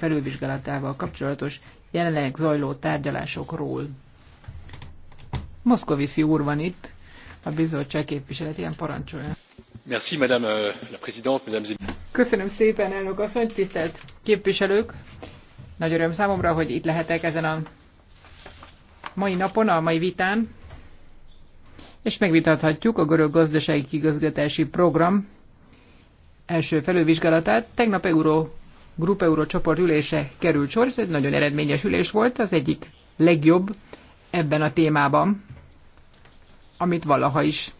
felülvizsgálatával kapcsolatos jelenleg zajló tárgyalásokról. Moszkoviszi úr van itt, a bizottság képviseletében parancsolja. Merci, madame euh, la présidente, mesdames et... Köszönöm szépen, elnök asszony, tisztelt képviselők! Nagy öröm számomra, hogy itt lehetek ezen a mai napon, a mai vitán, és megvitathatjuk a görög gazdasági igazgatási program első felülvizsgálatát. Tegnap Euró Grupa Euro csoport ülése került sor, ez egy nagyon eredményes ülés volt, az egyik legjobb ebben a témában, amit valaha is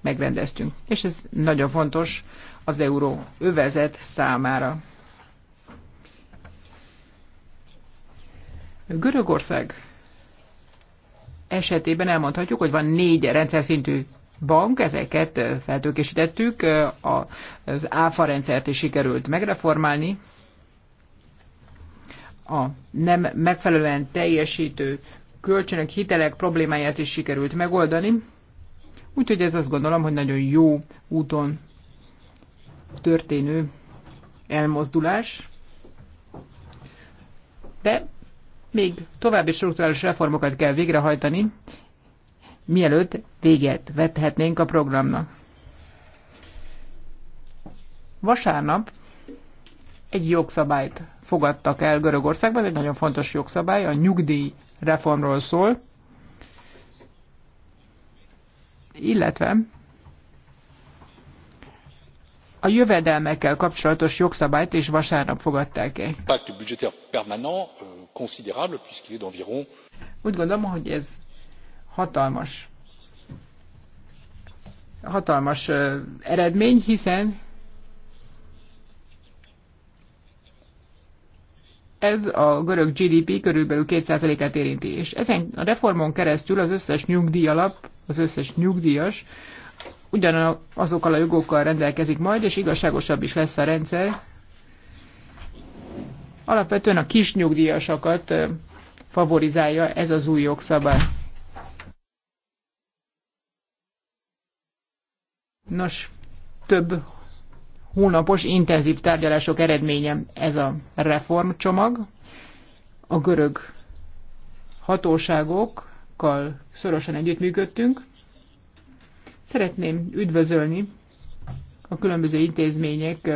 megrendeztünk. És ez nagyon fontos az euró övezet számára. Görögország esetében elmondhatjuk, hogy van négy rendszer szintű bank, ezeket feltőkésítettük, az áfa rendszert is sikerült megreformálni, a nem megfelelően teljesítő kölcsönök, hitelek problémáját is sikerült megoldani. Úgyhogy ez azt gondolom, hogy nagyon jó úton történő elmozdulás. De még további strukturális reformokat kell végrehajtani, mielőtt véget vethetnénk a programnak. Vasárnap egy jogszabályt fogadtak el Görögországban, ez egy nagyon fontos jogszabály, a nyugdíj reformról szól, illetve a jövedelmekkel kapcsolatos jogszabályt is vasárnap fogadták el. Euh, Úgy gondolom, hogy ez hatalmas hatalmas eredmény, hiszen ez a görög GDP körülbelül 2%-át érinti, és ezen a reformon keresztül az összes nyugdíjalap, az összes nyugdíjas ugyanazokkal a jogokkal rendelkezik majd, és igazságosabb is lesz a rendszer. Alapvetően a kis nyugdíjasokat favorizálja ez az új jogszabály. Nos, több hónapos intenzív tárgyalások eredménye ez a reformcsomag. A görög hatóságokkal szorosan együttműködtünk. Szeretném üdvözölni a különböző intézmények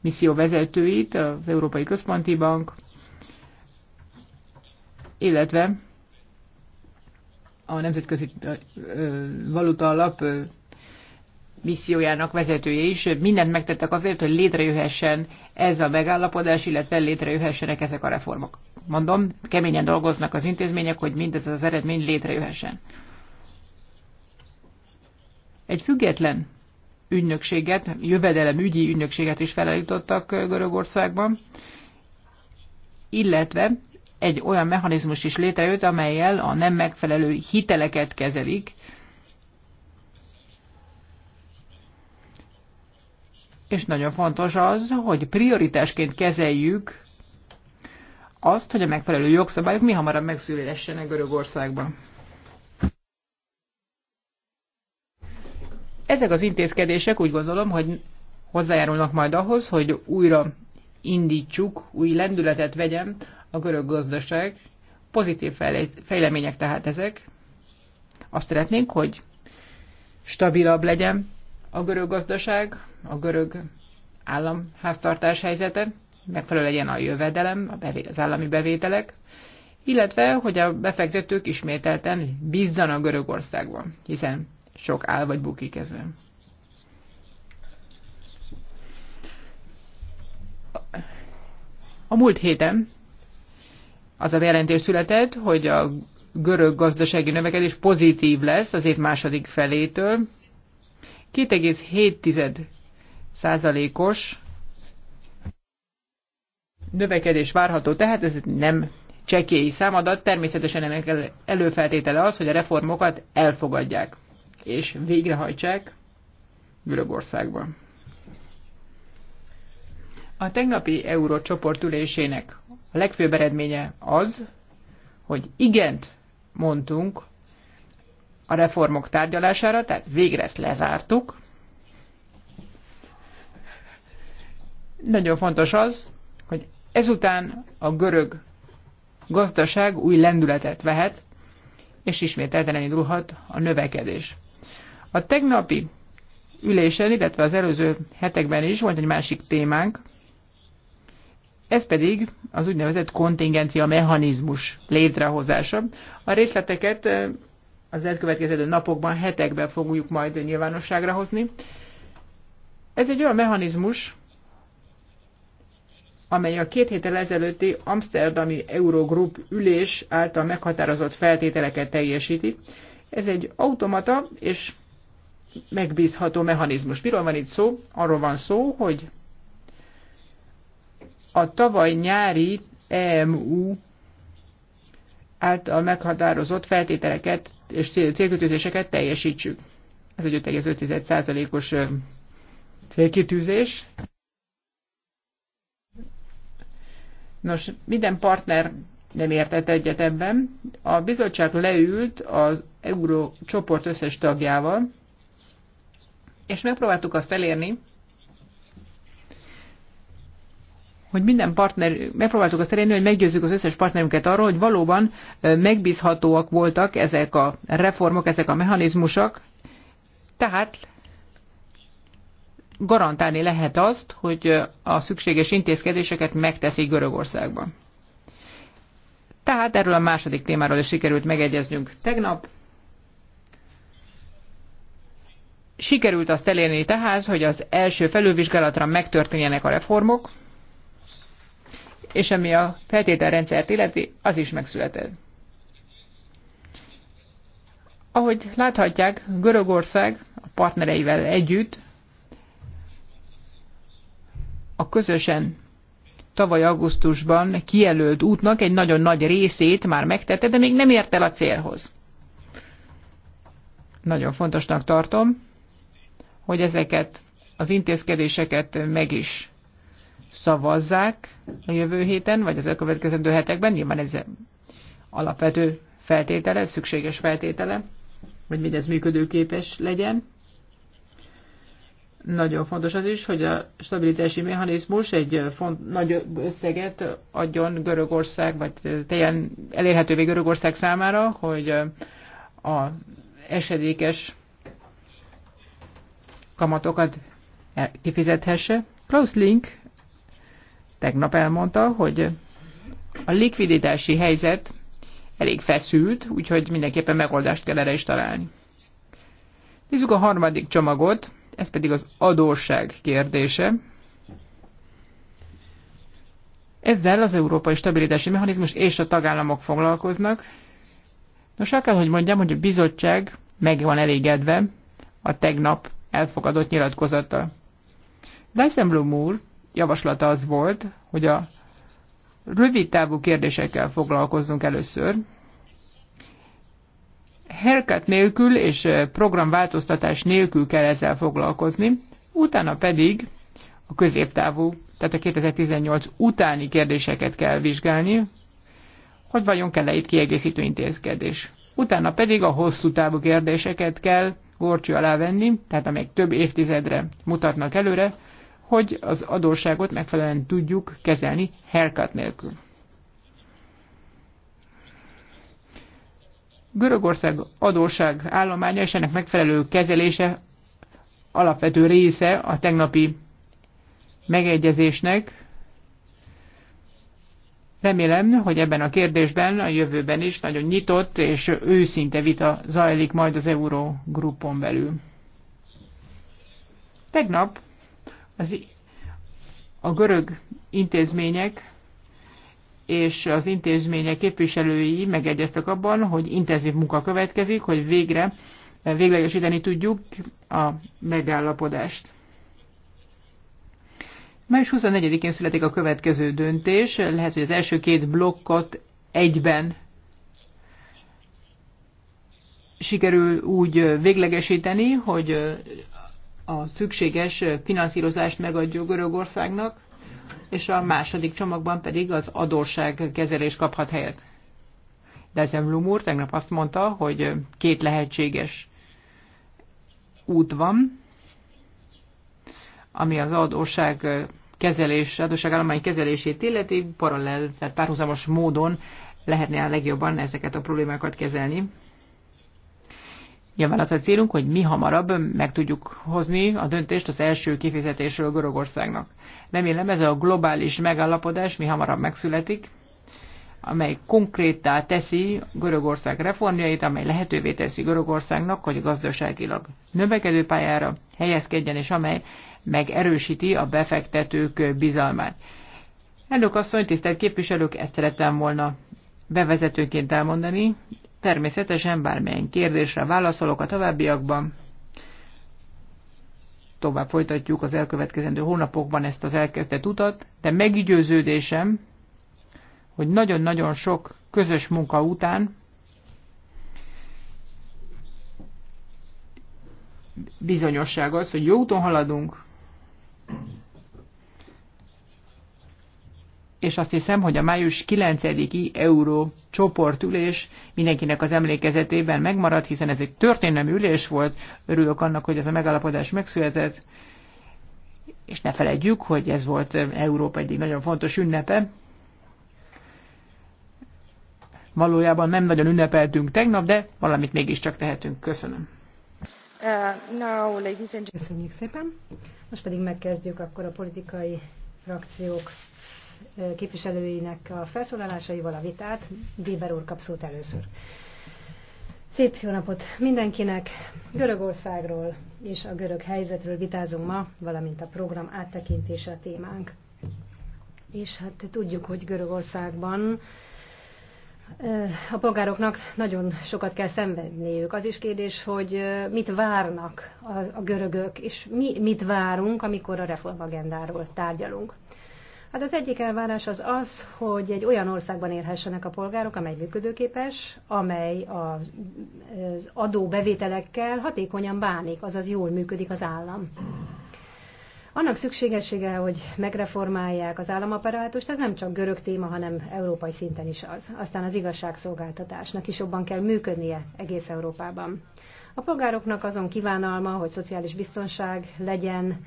misszió vezetőit, az Európai Központi Bank, illetve a Nemzetközi Valuta Alap missziójának vezetője is. Mindent megtettek azért, hogy létrejöhessen ez a megállapodás, illetve létrejöhessenek ezek a reformok. Mondom, keményen dolgoznak az intézmények, hogy mindez az eredmény létrejöhessen. Egy független ügynökséget, jövedelem ügyi ügynökséget is felállítottak eh, Görögországban, illetve egy olyan mechanizmus is létrejött, amelyel a nem megfelelő hiteleket kezelik, és nagyon fontos az, hogy prioritásként kezeljük azt, hogy a megfelelő jogszabályok mi hamarabb megszülélessenek Görögországban. Ezek az intézkedések úgy gondolom, hogy hozzájárulnak majd ahhoz, hogy újra indítsuk, új lendületet vegyen a görög gazdaság. Pozitív fejlemények tehát ezek. Azt szeretnénk, hogy stabilabb legyen, a görög gazdaság, a görög államháztartás helyzete, megfelelő legyen a jövedelem, az állami bevételek, illetve hogy a befektetők ismételten bízzanak Görögországban, hiszen sok áll vagy bukik ezen. A múlt héten az a jelentés született, hogy a görög gazdasági növekedés pozitív lesz az év második felétől, 2,7 százalékos növekedés várható, tehát ez nem csekély számadat, természetesen ennek előfeltétele az, hogy a reformokat elfogadják és végrehajtsák Görögországban. A tegnapi eurócsoport ülésének a legfőbb eredménye az, hogy igent mondtunk a reformok tárgyalására, tehát végre ezt lezártuk. Nagyon fontos az, hogy ezután a görög gazdaság új lendületet vehet, és ismételten indulhat a növekedés. A tegnapi ülésen, illetve az előző hetekben is volt egy másik témánk, ez pedig az úgynevezett kontingencia mechanizmus létrehozása. A részleteket eh, az elkövetkező napokban, hetekben fogjuk majd nyilvánosságra hozni. Ez egy olyan mechanizmus, amely a két héttel ezelőtti Amsterdami Eurogroup ülés által meghatározott feltételeket teljesíti. Ez egy automata és megbízható mechanizmus. Miről van itt szó? Arról van szó, hogy a tavaly nyári EMU által meghatározott feltételeket és célkötőzéseket teljesítsük. Ez egy 5,5%-os célkitűzés. Nos, minden partner nem értett egyet ebben. A bizottság leült az Euró csoport összes tagjával, és megpróbáltuk azt elérni, hogy minden partner, megpróbáltuk azt elérni, hogy meggyőzzük az összes partnerünket arról, hogy valóban megbízhatóak voltak ezek a reformok, ezek a mechanizmusok, tehát garantálni lehet azt, hogy a szükséges intézkedéseket megteszik Görögországban. Tehát erről a második témáról is sikerült megegyeznünk tegnap. Sikerült azt elérni tehát, hogy az első felülvizsgálatra megtörténjenek a reformok, és ami a feltételrendszert illeti, az is megszületett. Ahogy láthatják, Görögország a partnereivel együtt a közösen tavaly augusztusban kijelölt útnak egy nagyon nagy részét már megtette, de még nem ért el a célhoz. Nagyon fontosnak tartom, hogy ezeket az intézkedéseket meg is szavazzák a jövő héten, vagy az elkövetkezendő hetekben. Nyilván ez alapvető feltétele, szükséges feltétele, hogy mindez működőképes legyen. Nagyon fontos az is, hogy a stabilitási mechanizmus egy font, nagy összeget adjon Görögország, vagy teljesen elérhetővé Görögország számára, hogy a esedékes kamatokat kifizethesse. Klaus Link tegnap elmondta, hogy a likviditási helyzet elég feszült, úgyhogy mindenképpen megoldást kell erre is találni. Nézzük a harmadik csomagot, ez pedig az adósság kérdése. Ezzel az Európai Stabilitási Mechanizmus és a tagállamok foglalkoznak. Nos, el kell, hogy mondjam, hogy a bizottság meg van elégedve a tegnap elfogadott nyilatkozata. Dyson Blum úr javaslata az volt, hogy a rövid távú kérdésekkel foglalkozzunk először. Herkat nélkül és programváltoztatás nélkül kell ezzel foglalkozni, utána pedig a középtávú, tehát a 2018 utáni kérdéseket kell vizsgálni, hogy vajon kell-e itt kiegészítő intézkedés. Utána pedig a hosszú távú kérdéseket kell gorcső alá venni, tehát amelyek több évtizedre mutatnak előre, hogy az adósságot megfelelően tudjuk kezelni haircut nélkül. Görögország adósság állománya és ennek megfelelő kezelése alapvető része a tegnapi megegyezésnek. Remélem, hogy ebben a kérdésben a jövőben is nagyon nyitott és őszinte vita zajlik majd az Eurogrupon belül. Tegnap az, a görög intézmények és az intézmények képviselői megegyeztek abban, hogy intenzív munka következik, hogy végre véglegesíteni tudjuk a megállapodást. Május 24-én születik a következő döntés. Lehet, hogy az első két blokkot egyben sikerül úgy véglegesíteni, hogy a szükséges finanszírozást megadjuk Görögországnak, és a második csomagban pedig az adósság kezelés kaphat helyet. Dezenblum Lumur tegnap azt mondta, hogy két lehetséges út van, ami az adósság kezelés, adósság állomány kezelését illeti, paralel, tehát párhuzamos módon lehetne a legjobban ezeket a problémákat kezelni. Nyilván az a célunk, hogy mi hamarabb meg tudjuk hozni a döntést az első kifizetésről Görögországnak. Remélem ez a globális megállapodás mi hamarabb megszületik, amely konkrétá teszi Görögország reformjait, amely lehetővé teszi Görögországnak, hogy gazdaságilag növekedő pályára helyezkedjen, és amely megerősíti a befektetők bizalmát. Elnök asszony, tisztelt képviselők, ezt szerettem volna bevezetőként elmondani, Természetesen bármilyen kérdésre válaszolok a továbbiakban. Tovább folytatjuk az elkövetkezendő hónapokban ezt az elkezdett utat, de meggyőződésem, hogy nagyon-nagyon sok közös munka után bizonyosság az, hogy jó úton haladunk, és azt hiszem, hogy a május 9-i euró csoportülés mindenkinek az emlékezetében megmaradt, hiszen ez egy történelmi ülés volt, örülök annak, hogy ez a megállapodás megszületett, és ne felejtjük, hogy ez volt Európa egyik nagyon fontos ünnepe. Valójában nem nagyon ünnepeltünk tegnap, de valamit mégiscsak tehetünk. Köszönöm. Uh, Köszönjük szépen. Most pedig megkezdjük akkor a politikai frakciók képviselőinek a felszólalásaival a vitát. Déber úr kap szót először. Szép jó napot mindenkinek! Görögországról és a görög helyzetről vitázunk ma, valamint a program áttekintése a témánk. És hát tudjuk, hogy Görögországban a polgároknak nagyon sokat kell szenvedniük. Az is kérdés, hogy mit várnak a görögök, és mi mit várunk, amikor a reformagendáról tárgyalunk. Hát az egyik elvárás az az, hogy egy olyan országban érhessenek a polgárok, amely működőképes, amely az bevételekkel hatékonyan bánik, azaz jól működik az állam. Annak szükségessége, hogy megreformálják az államaparátust, ez nem csak görög téma, hanem európai szinten is az. Aztán az igazságszolgáltatásnak is jobban kell működnie egész Európában. A polgároknak azon kívánalma, hogy szociális biztonság legyen,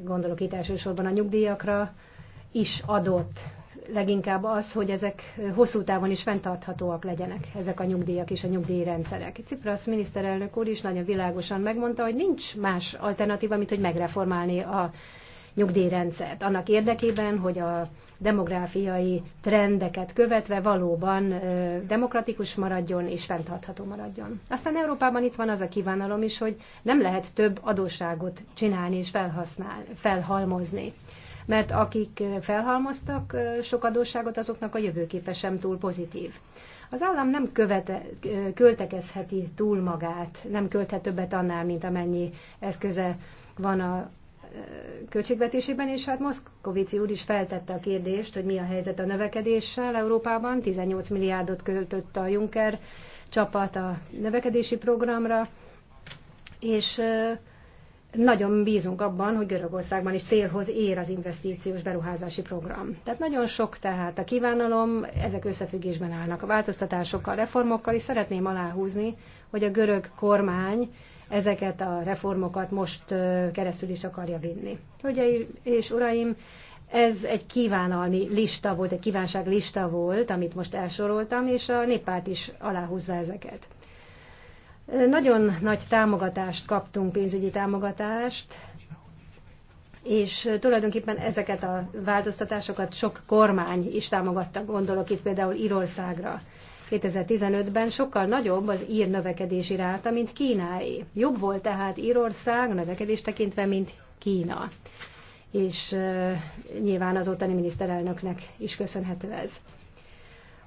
gondolok itt elsősorban a nyugdíjakra, is adott leginkább az, hogy ezek hosszú távon is fenntarthatóak legyenek, ezek a nyugdíjak és a nyugdíjrendszerek. Ciprasz miniszterelnök úr is nagyon világosan megmondta, hogy nincs más alternatíva, mint hogy megreformálni a nyugdíjrendszert. Annak érdekében, hogy a demográfiai trendeket követve valóban demokratikus maradjon és fenntartható maradjon. Aztán Európában itt van az a kívánalom is, hogy nem lehet több adósságot csinálni és felhasznál, felhalmozni mert akik felhalmoztak sok adósságot, azoknak a jövőképe sem túl pozitív. Az állam nem követe, költekezheti túl magát, nem költhet többet annál, mint amennyi eszköze van a költségvetésében, és hát Moszkovici úr is feltette a kérdést, hogy mi a helyzet a növekedéssel Európában. 18 milliárdot költött a Juncker csapat a növekedési programra, és nagyon bízunk abban, hogy Görögországban is célhoz ér az investíciós beruházási program. Tehát nagyon sok tehát a kívánalom, ezek összefüggésben állnak a változtatásokkal, reformokkal, és szeretném aláhúzni, hogy a görög kormány ezeket a reformokat most keresztül is akarja vinni. Hölgyeim és uraim, ez egy kívánalmi lista volt, egy kívánság lista volt, amit most elsoroltam, és a néppárt is aláhúzza ezeket. Nagyon nagy támogatást kaptunk, pénzügyi támogatást, és tulajdonképpen ezeket a változtatásokat sok kormány is támogatta, gondolok itt például Írországra. 2015-ben sokkal nagyobb az ír növekedési ráta, mint Kínáé. Jobb volt tehát Írország növekedés tekintve, mint Kína. És uh, nyilván az ottani miniszterelnöknek is köszönhető ez.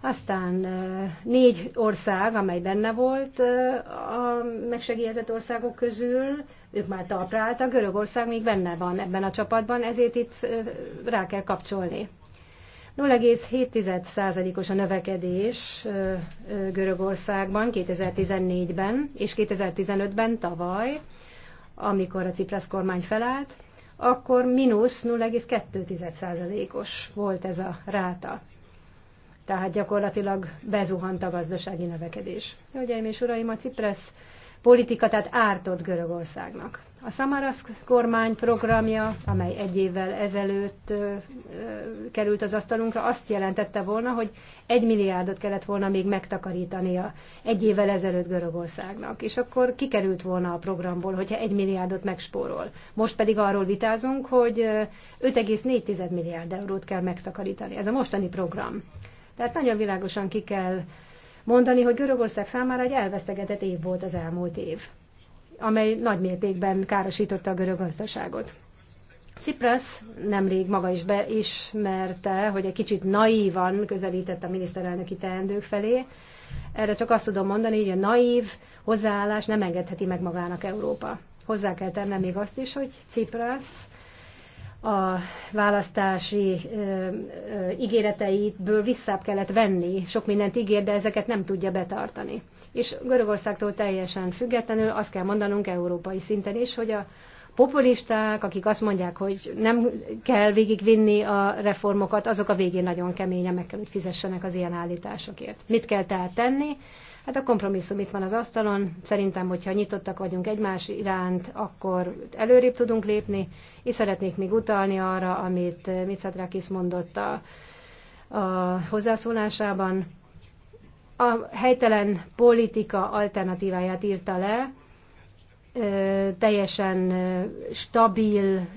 Aztán négy ország, amely benne volt a megsegélyezett országok közül, ők már talpra álltak, Görögország még benne van ebben a csapatban, ezért itt rá kell kapcsolni. 0,7%-os a növekedés Görögországban 2014-ben és 2015-ben tavaly, amikor a Ciprasz kormány felállt, akkor mínusz 0,2%-os volt ez a ráta. Tehát gyakorlatilag bezuhant a gazdasági növekedés. Hölgyeim és uraim, a Cipresz politika, tehát ártott Görögországnak. A Samarasz kormány programja, amely egy évvel ezelőtt ö, ö, került az asztalunkra, azt jelentette volna, hogy egy milliárdot kellett volna még megtakarítania egy évvel ezelőtt Görögországnak, és akkor kikerült volna a programból, hogyha egy milliárdot megspórol. Most pedig arról vitázunk, hogy 5,4 milliárd eurót kell megtakarítani. Ez a mostani program. Tehát nagyon világosan ki kell mondani, hogy Görögország számára egy elvesztegetett év volt az elmúlt év, amely nagy mértékben károsította a görög gazdaságot. Cipras nemrég maga is beismerte, hogy egy kicsit naívan közelített a miniszterelnöki teendők felé. Erre csak azt tudom mondani, hogy a naív hozzáállás nem engedheti meg magának Európa. Hozzá kell tennem még azt is, hogy Cipras a választási ö, ö, ígéreteitből visszább kellett venni. Sok mindent ígér, de ezeket nem tudja betartani. És Görögországtól teljesen függetlenül azt kell mondanunk európai szinten is, hogy a populisták, akik azt mondják, hogy nem kell végigvinni a reformokat, azok a végén nagyon keményen meg kell, hogy fizessenek az ilyen állításokért. Mit kell tehát tenni? Hát a kompromisszum itt van az asztalon. Szerintem, hogyha nyitottak vagyunk egymás iránt, akkor előrébb tudunk lépni, és szeretnék még utalni arra, amit Mitsatrakis mondott a, a hozzászólásában. A helytelen politika alternatíváját írta le, teljesen stabil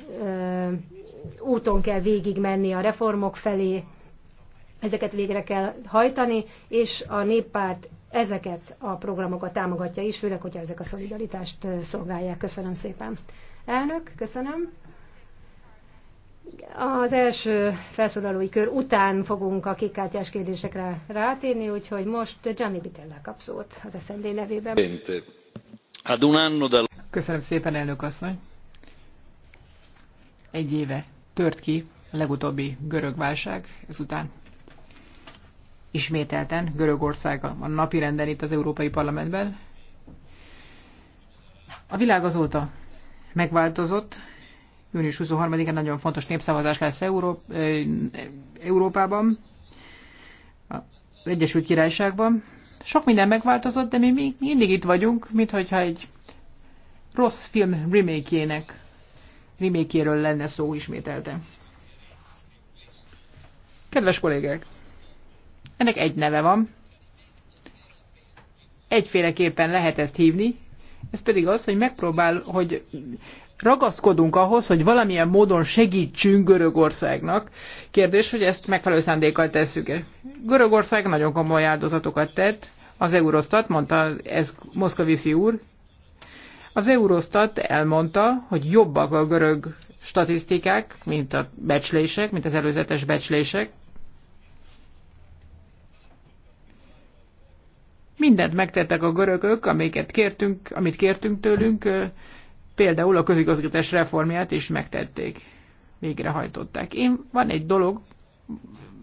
úton kell végig menni a reformok felé, ezeket végre kell hajtani, és a néppárt ezeket a programokat támogatja is, főleg, hogyha ezek a szolidaritást szolgálják. Köszönöm szépen. Elnök, köszönöm. Az első felszólalói kör után fogunk a kékkártyás kérdésekre rátérni, úgyhogy most Gianni Bitella kap szót az SZND nevében. Köszönöm szépen, elnök asszony. Egy éve tört ki a legutóbbi görög válság, ezután ismételten Görögország a napi renden itt az Európai Parlamentben. A világ azóta megváltozott. Június 23-án nagyon fontos népszavazás lesz Európ eh, Európában, az Egyesült Királyságban. Sok minden megváltozott, de mi még mindig itt vagyunk, mintha egy rossz film remake-jének, remake lenne szó ismételten. Kedves kollégák! Ennek egy neve van. Egyféleképpen lehet ezt hívni, ez pedig az, hogy megpróbál, hogy ragaszkodunk ahhoz, hogy valamilyen módon segítsünk Görögországnak. Kérdés, hogy ezt megfelelő szándékkal tesszük-e. Görögország nagyon komoly áldozatokat tett, az Eurostat mondta, ez Moszkviszi úr, az Eurostat elmondta, hogy jobbak a görög statisztikák, mint a becslések, mint az előzetes becslések, Mindent megtettek a görögök, amiket kértünk, amit kértünk tőlünk, például a közigazgatás reformját is megtették, végrehajtották. Én van egy dolog,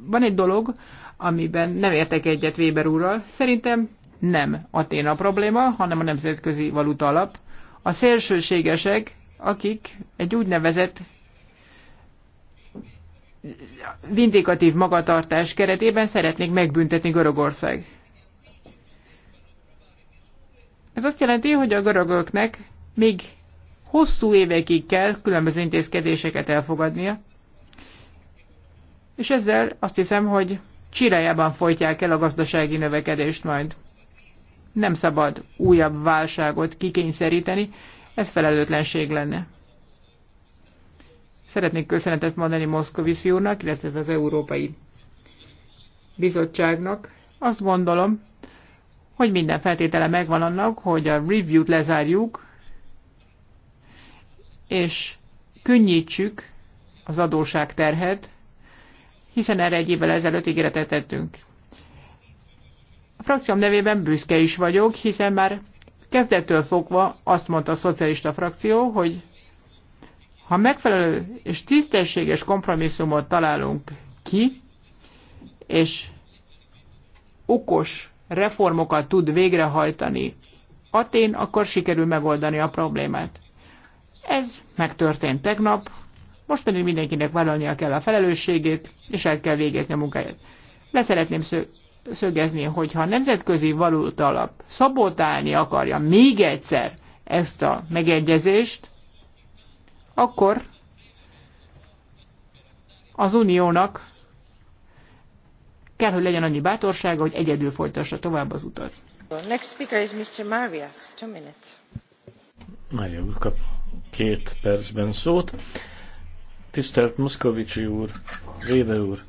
van egy dolog, amiben nem értek egyet Weber úrral. Szerintem nem a a probléma, hanem a nemzetközi valuta alap. A szélsőségesek, akik egy úgynevezett vindikatív magatartás keretében szeretnék megbüntetni Görögország. Ez azt jelenti, hogy a görögöknek még hosszú évekig kell különböző intézkedéseket elfogadnia, és ezzel azt hiszem, hogy csirájában folytják el a gazdasági növekedést majd. Nem szabad újabb válságot kikényszeríteni, ez felelőtlenség lenne. Szeretnék köszönetet mondani Moszkoviszi úrnak, illetve az Európai Bizottságnak. Azt gondolom, hogy minden feltétele megvan annak, hogy a review-t lezárjuk, és könnyítsük az terhet, hiszen erre egy évvel ezelőtt ígéretet tettünk. A frakcióm nevében büszke is vagyok, hiszen már kezdettől fogva azt mondta a szocialista frakció, hogy ha megfelelő és tisztességes kompromisszumot találunk ki, és okos reformokat tud végrehajtani Atén, akkor sikerül megoldani a problémát. Ez megtörtént tegnap, most pedig mindenkinek vállalnia kell a felelősségét, és el kell végezni a munkáját. Le szeretném szögezni, hogyha a nemzetközi valóta alap szabotálni akarja még egyszer ezt a megegyezést, akkor az uniónak kell, hogy legyen annyi bátorsága, hogy egyedül folytassa tovább az utat. Next speaker is Mr. Marias. Two minutes. Mária úr kap két percben szót. Tisztelt Moszkovicsi úr, Réve úr,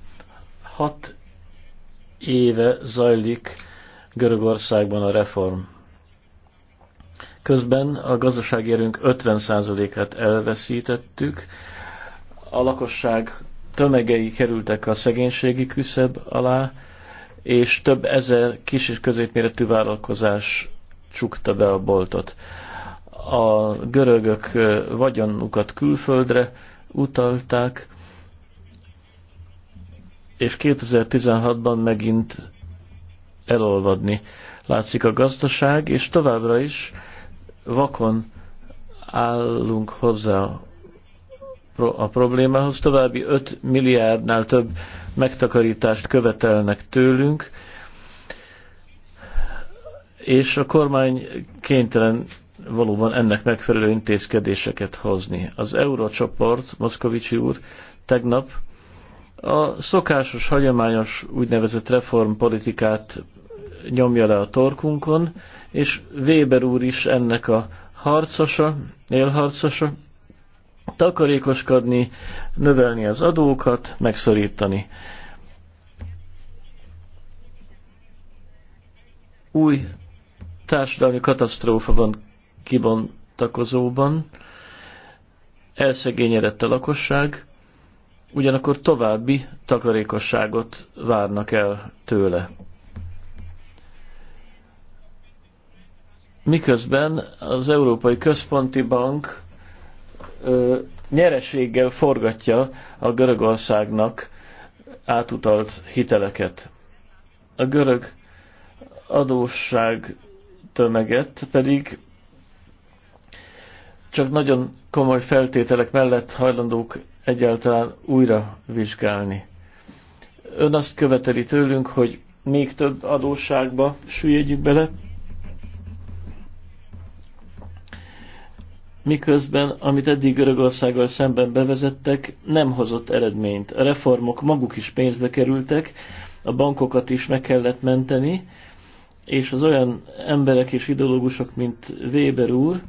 hat éve zajlik Görögországban a reform. Közben a gazdasági erőnk 50%-át elveszítettük, a lakosság tömegei kerültek a szegénységi küszöb alá, és több ezer kis és középméretű vállalkozás csukta be a boltot. A görögök vagyonukat külföldre utalták, és 2016-ban megint elolvadni látszik a gazdaság, és továbbra is vakon állunk hozzá a problémához. További 5 milliárdnál több megtakarítást követelnek tőlünk, és a kormány kénytelen valóban ennek megfelelő intézkedéseket hozni. Az Eurocsoport, Moszkovicsi úr, tegnap a szokásos, hagyományos úgynevezett reformpolitikát nyomja le a torkunkon, és Weber úr is ennek a harcosa, élharcosa, takarékoskodni, növelni az adókat, megszorítani. Új társadalmi katasztrófa van kibontakozóban, elszegényedett a lakosság, ugyanakkor további takarékosságot várnak el tőle. Miközben az Európai Központi Bank nyereséggel forgatja a Görögországnak átutalt hiteleket. A görög adósság tömeget pedig csak nagyon komoly feltételek mellett hajlandók egyáltalán újra vizsgálni. Ön azt követeli tőlünk, hogy még több adósságba süllyedjük bele, miközben amit eddig Görögországgal szemben bevezettek, nem hozott eredményt. A reformok maguk is pénzbe kerültek, a bankokat is meg kellett menteni, és az olyan emberek és ideológusok, mint Weber úr,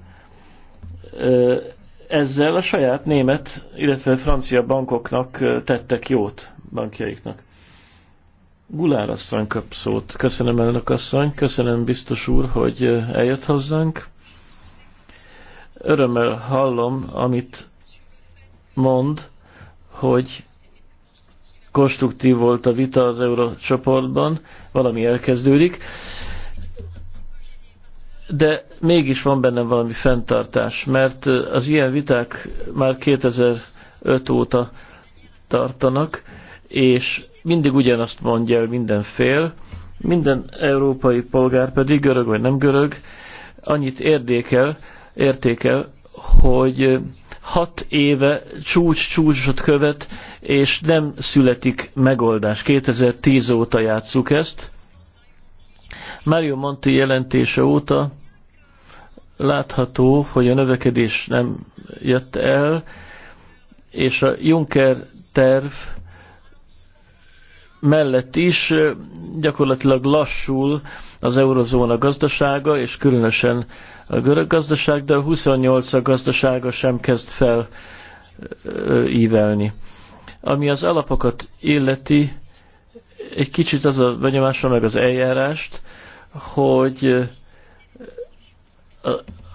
ezzel a saját német, illetve francia bankoknak tettek jót, bankjaiknak. Gulár asszony kap szót. Köszönöm elnök asszony, köszönöm biztos úr, hogy eljött hozzánk örömmel hallom, amit mond, hogy konstruktív volt a vita az Eurócsoportban, valami elkezdődik, de mégis van bennem valami fenntartás, mert az ilyen viták már 2005 óta tartanak, és mindig ugyanazt mondja el minden fél, minden európai polgár pedig, görög vagy nem görög, annyit érdékel, értéke, hogy hat éve csúcs csúcsot követ, és nem születik megoldás. 2010 óta játsszuk ezt. Mario Monti jelentése óta látható, hogy a növekedés nem jött el, és a Juncker terv mellett is gyakorlatilag lassul az eurozóna gazdasága, és különösen a görög gazdaság, de a 28 a gazdasága sem kezd fel ívelni. Ami az alapokat illeti, egy kicsit az a benyomásom meg az eljárást, hogy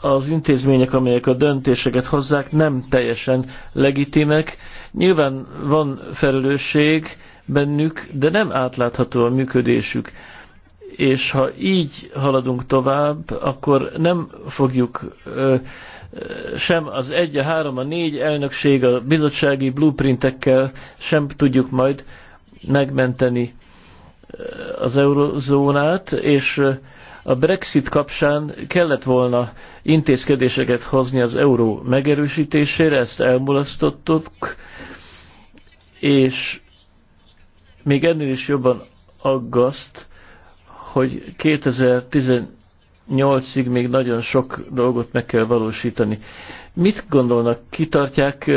az intézmények, amelyek a döntéseket hozzák, nem teljesen legitimek. Nyilván van felelősség bennük, de nem átlátható a működésük és ha így haladunk tovább, akkor nem fogjuk sem az egy, a három, a négy elnökség, a bizottsági blueprintekkel sem tudjuk majd megmenteni az eurozónát, és a Brexit kapcsán kellett volna intézkedéseket hozni az euró megerősítésére, ezt elmulasztottuk, és még ennél is jobban aggaszt, hogy 2018-ig még nagyon sok dolgot meg kell valósítani. Mit gondolnak, kitartják,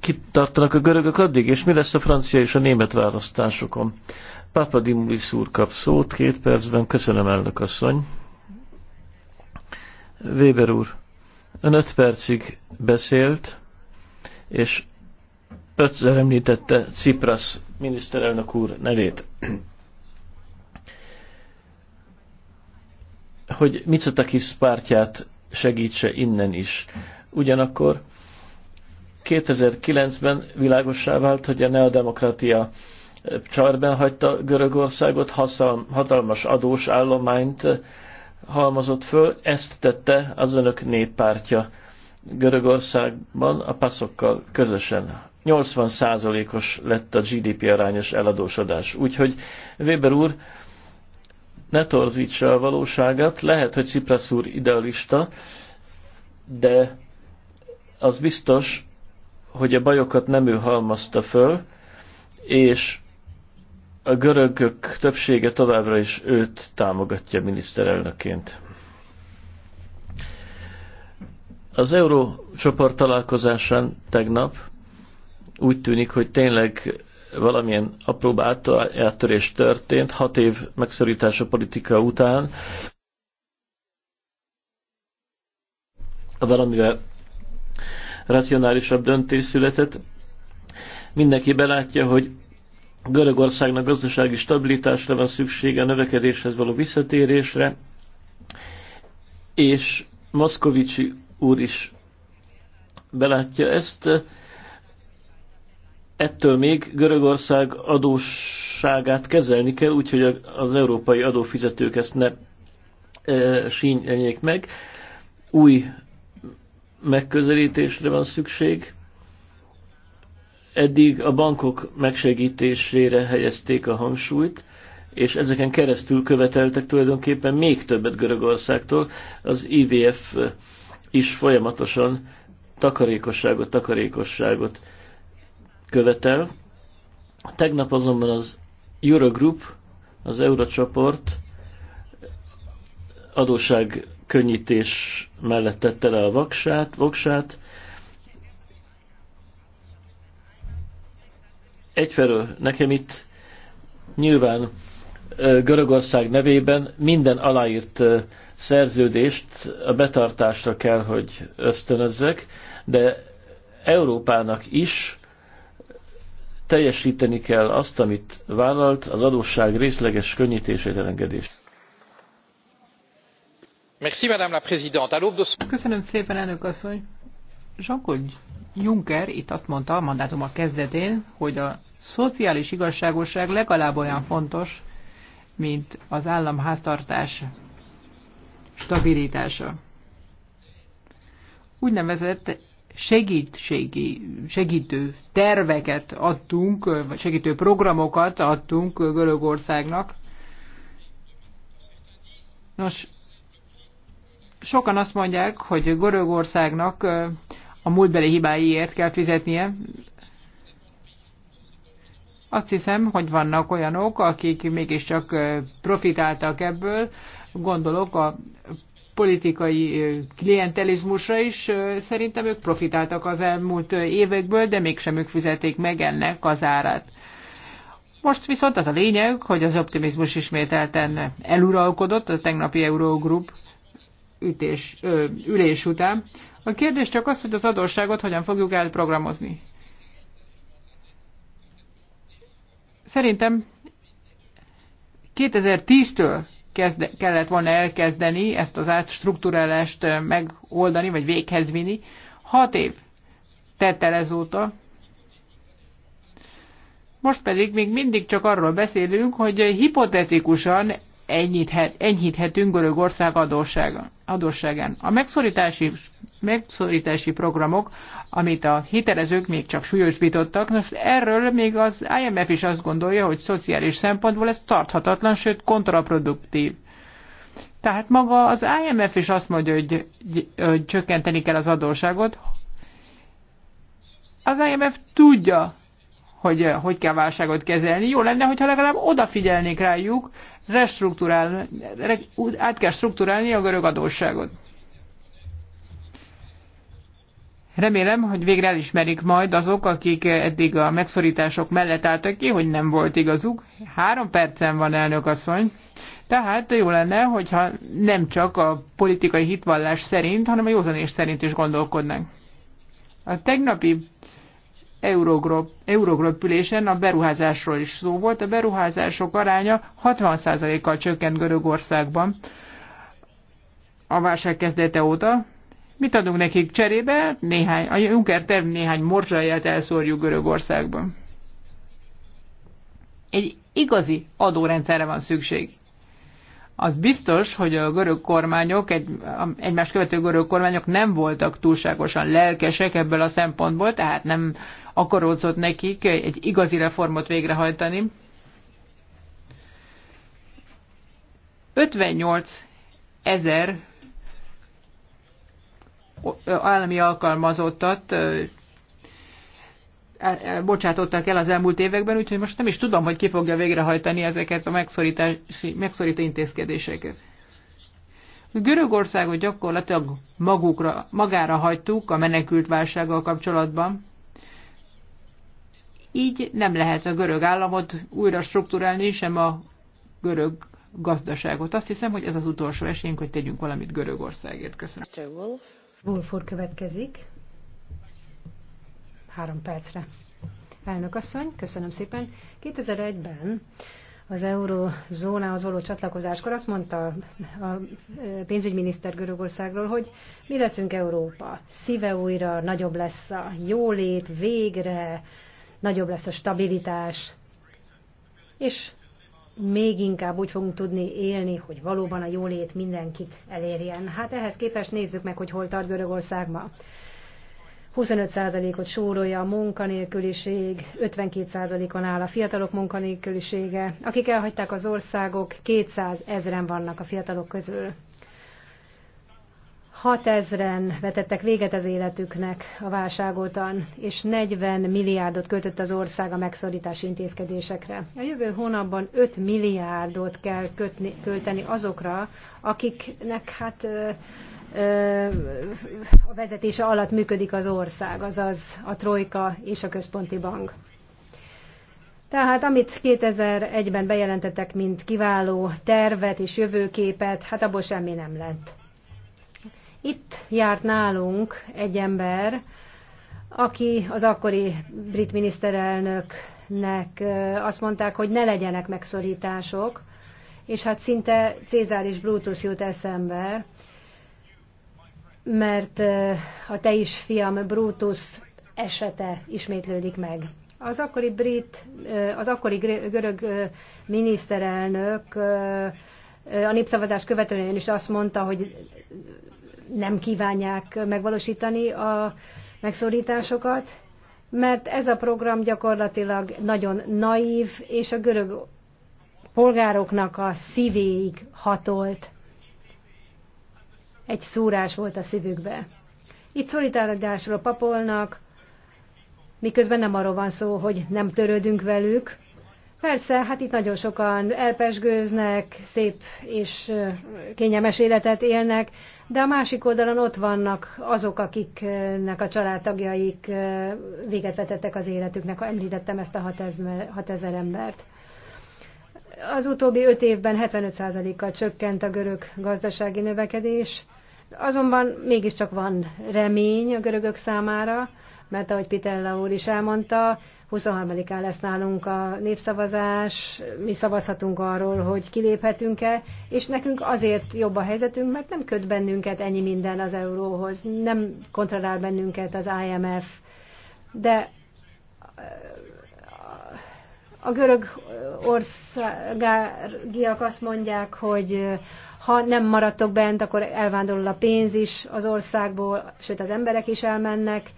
kitartanak a görögök addig, és mi lesz a francia és a német választásokon? Dimulis úr kap szót, két percben, köszönöm elnök asszony. Weber úr, ön öt percig beszélt, és ötször említette Cipras miniszterelnök úr nevét. hogy Mitsotakis pártját segítse innen is. Ugyanakkor 2009-ben világossá vált, hogy a neodemokratia eh, csarben hagyta Görögországot, hatalmas adós állományt eh, halmozott föl, ezt tette az önök néppártja Görögországban a passzokkal közösen. 80%-os lett a GDP arányos eladósodás. Úgyhogy Weber úr, ne torzítsa a valóságát. Lehet, hogy Ciprasz úr idealista, de az biztos, hogy a bajokat nem ő halmazta föl, és a görögök többsége továbbra is őt támogatja miniszterelnöként. Az csoport találkozásán tegnap úgy tűnik, hogy tényleg valamilyen apró áttörés történt hat év megszorítása politika után, valamivel racionálisabb döntés született. Mindenki belátja, hogy Görögországnak gazdasági stabilitásra van szüksége, a növekedéshez való visszatérésre, és Moszkovicsi úr is belátja ezt, ettől még Görögország adósságát kezelni kell, úgyhogy az európai adófizetők ezt ne e, sínyeljék meg. Új megközelítésre van szükség. Eddig a bankok megsegítésére helyezték a hangsúlyt, és ezeken keresztül követeltek tulajdonképpen még többet Görögországtól. Az IVF is folyamatosan takarékosságot, takarékosságot követel. Tegnap azonban az Eurogroup, az Eurocsoport adóság könnyítés mellett tette le a vaksát, voksát. Egyfelől nekem itt nyilván Görögország nevében minden aláírt szerződést a betartásra kell, hogy ösztönözzek, de Európának is teljesíteni kell azt, amit vállalt, az adósság részleges könnyítését elengedést. Merci, Madame la Présidente. Köszönöm szépen, elnök asszony. Jean-Claude Juncker itt azt mondta a a kezdetén, hogy a szociális igazságosság legalább olyan fontos, mint az államháztartás stabilitása. Úgynevezett segítségi, segítő terveket adtunk, vagy segítő programokat adtunk Görögországnak. Nos, sokan azt mondják, hogy Görögországnak a múltbeli hibáiért kell fizetnie. Azt hiszem, hogy vannak olyanok, akik mégiscsak profitáltak ebből. Gondolok a politikai klientelizmusra is. Szerintem ők profitáltak az elmúlt évekből, de mégsem ők fizették meg ennek az árát. Most viszont az a lényeg, hogy az optimizmus ismételten eluralkodott a tegnapi Eurogroup ütés, ö, ülés után. A kérdés csak az, hogy az adósságot hogyan fogjuk elprogramozni. Szerintem 2010-től kezde, kellett volna elkezdeni, ezt az átstruktúrálást megoldani, vagy véghez vinni. Hat év tett el ezóta. Most pedig még mindig csak arról beszélünk, hogy hipotetikusan enyhíthetünk Görögország adósságán. A megszorítási, megszorítási programok, amit a hitelezők még csak súlyosbítottak, most erről még az IMF is azt gondolja, hogy szociális szempontból ez tarthatatlan, sőt kontraproduktív. Tehát maga az IMF is azt mondja, hogy, hogy csökkenteni kell az adósságot. Az IMF tudja, hogy hogy kell válságot kezelni. Jó lenne, hogyha legalább odafigyelnék rájuk, restruktúrálni, át kell struktúrálni a görög adósságot. Remélem, hogy végre elismerik majd azok, akik eddig a megszorítások mellett álltak ki, hogy nem volt igazuk. Három percen van elnök asszony. Tehát jó lenne, hogyha nem csak a politikai hitvallás szerint, hanem a józanés szerint is gondolkodnak. A tegnapi Eurogrup, a beruházásról is szó volt. A beruházások aránya 60%-kal csökkent Görögországban a válság kezdete óta. Mit adunk nekik cserébe? Néhány, a Juncker terv néhány morzsáját elszórjuk Görögországban. Egy igazi adórendszerre van szükség. Az biztos, hogy a görög kormányok, egy, egymás követő görög kormányok nem voltak túlságosan lelkesek ebből a szempontból, tehát nem akaródzott nekik egy igazi reformot végrehajtani. 58 ezer állami alkalmazottat bocsátottak el az elmúlt években, úgyhogy most nem is tudom, hogy ki fogja végrehajtani ezeket a megszorító intézkedéseket. Görögországot gyakorlatilag magukra, magára hagytuk a menekült válsággal kapcsolatban. Így nem lehet a görög államot újra strukturálni, sem a görög gazdaságot. Azt hiszem, hogy ez az utolsó esélyünk, hogy tegyünk valamit Görögországért. Köszönöm. Wolf úr következik. Három percre. Elnök asszony, köszönöm szépen. 2001-ben az eurózónához való csatlakozáskor azt mondta a pénzügyminiszter Görögországról, hogy mi leszünk Európa. Szíve újra nagyobb lesz a jólét, végre nagyobb lesz a stabilitás, és még inkább úgy fogunk tudni élni, hogy valóban a jólét mindenkit elérjen. Hát ehhez képest nézzük meg, hogy hol tart Görögország ma. 25%-ot sórolja a munkanélküliség, 52%-on áll a fiatalok munkanélkülisége. Akik elhagyták az országok, 200 ezeren vannak a fiatalok közül. 6 ezeren vetettek véget az életüknek a válság után, és 40 milliárdot költött az ország a megszorítási intézkedésekre. A jövő hónapban 5 milliárdot kell kötni, költeni azokra, akiknek hát a vezetése alatt működik az ország, azaz a Trojka és a Központi Bank. Tehát amit 2001-ben bejelentettek, mint kiváló tervet és jövőképet, hát abból semmi nem lett. Itt járt nálunk egy ember, aki az akkori brit miniszterelnöknek azt mondták, hogy ne legyenek megszorítások, és hát szinte Cézár és Brutus jut eszembe, mert a te is fiam Brutus esete ismétlődik meg. Az akkori brit, az akkori görög miniszterelnök a népszavazás követően is azt mondta, hogy nem kívánják megvalósítani a megszorításokat, mert ez a program gyakorlatilag nagyon naív, és a görög polgároknak a szívéig hatolt egy szúrás volt a szívükbe. Itt szolidaritásról papolnak, miközben nem arról van szó, hogy nem törődünk velük. Persze, hát itt nagyon sokan elpesgőznek, szép és kényelmes életet élnek, de a másik oldalon ott vannak azok, akiknek a családtagjaik véget vetettek az életüknek, ha említettem ezt a 6000 embert. Az utóbbi öt évben 75%-kal csökkent a görög gazdasági növekedés, Azonban mégiscsak van remény a görögök számára, mert ahogy Pitella úr is elmondta, 23-án lesz nálunk a népszavazás, mi szavazhatunk arról, hogy kiléphetünk-e, és nekünk azért jobb a helyzetünk, mert nem köt bennünket ennyi minden az euróhoz, nem kontrollál bennünket az IMF, de a görög országiak azt mondják, hogy ha nem maradtok bent, akkor elvándorol a pénz is az országból, sőt az emberek is elmennek,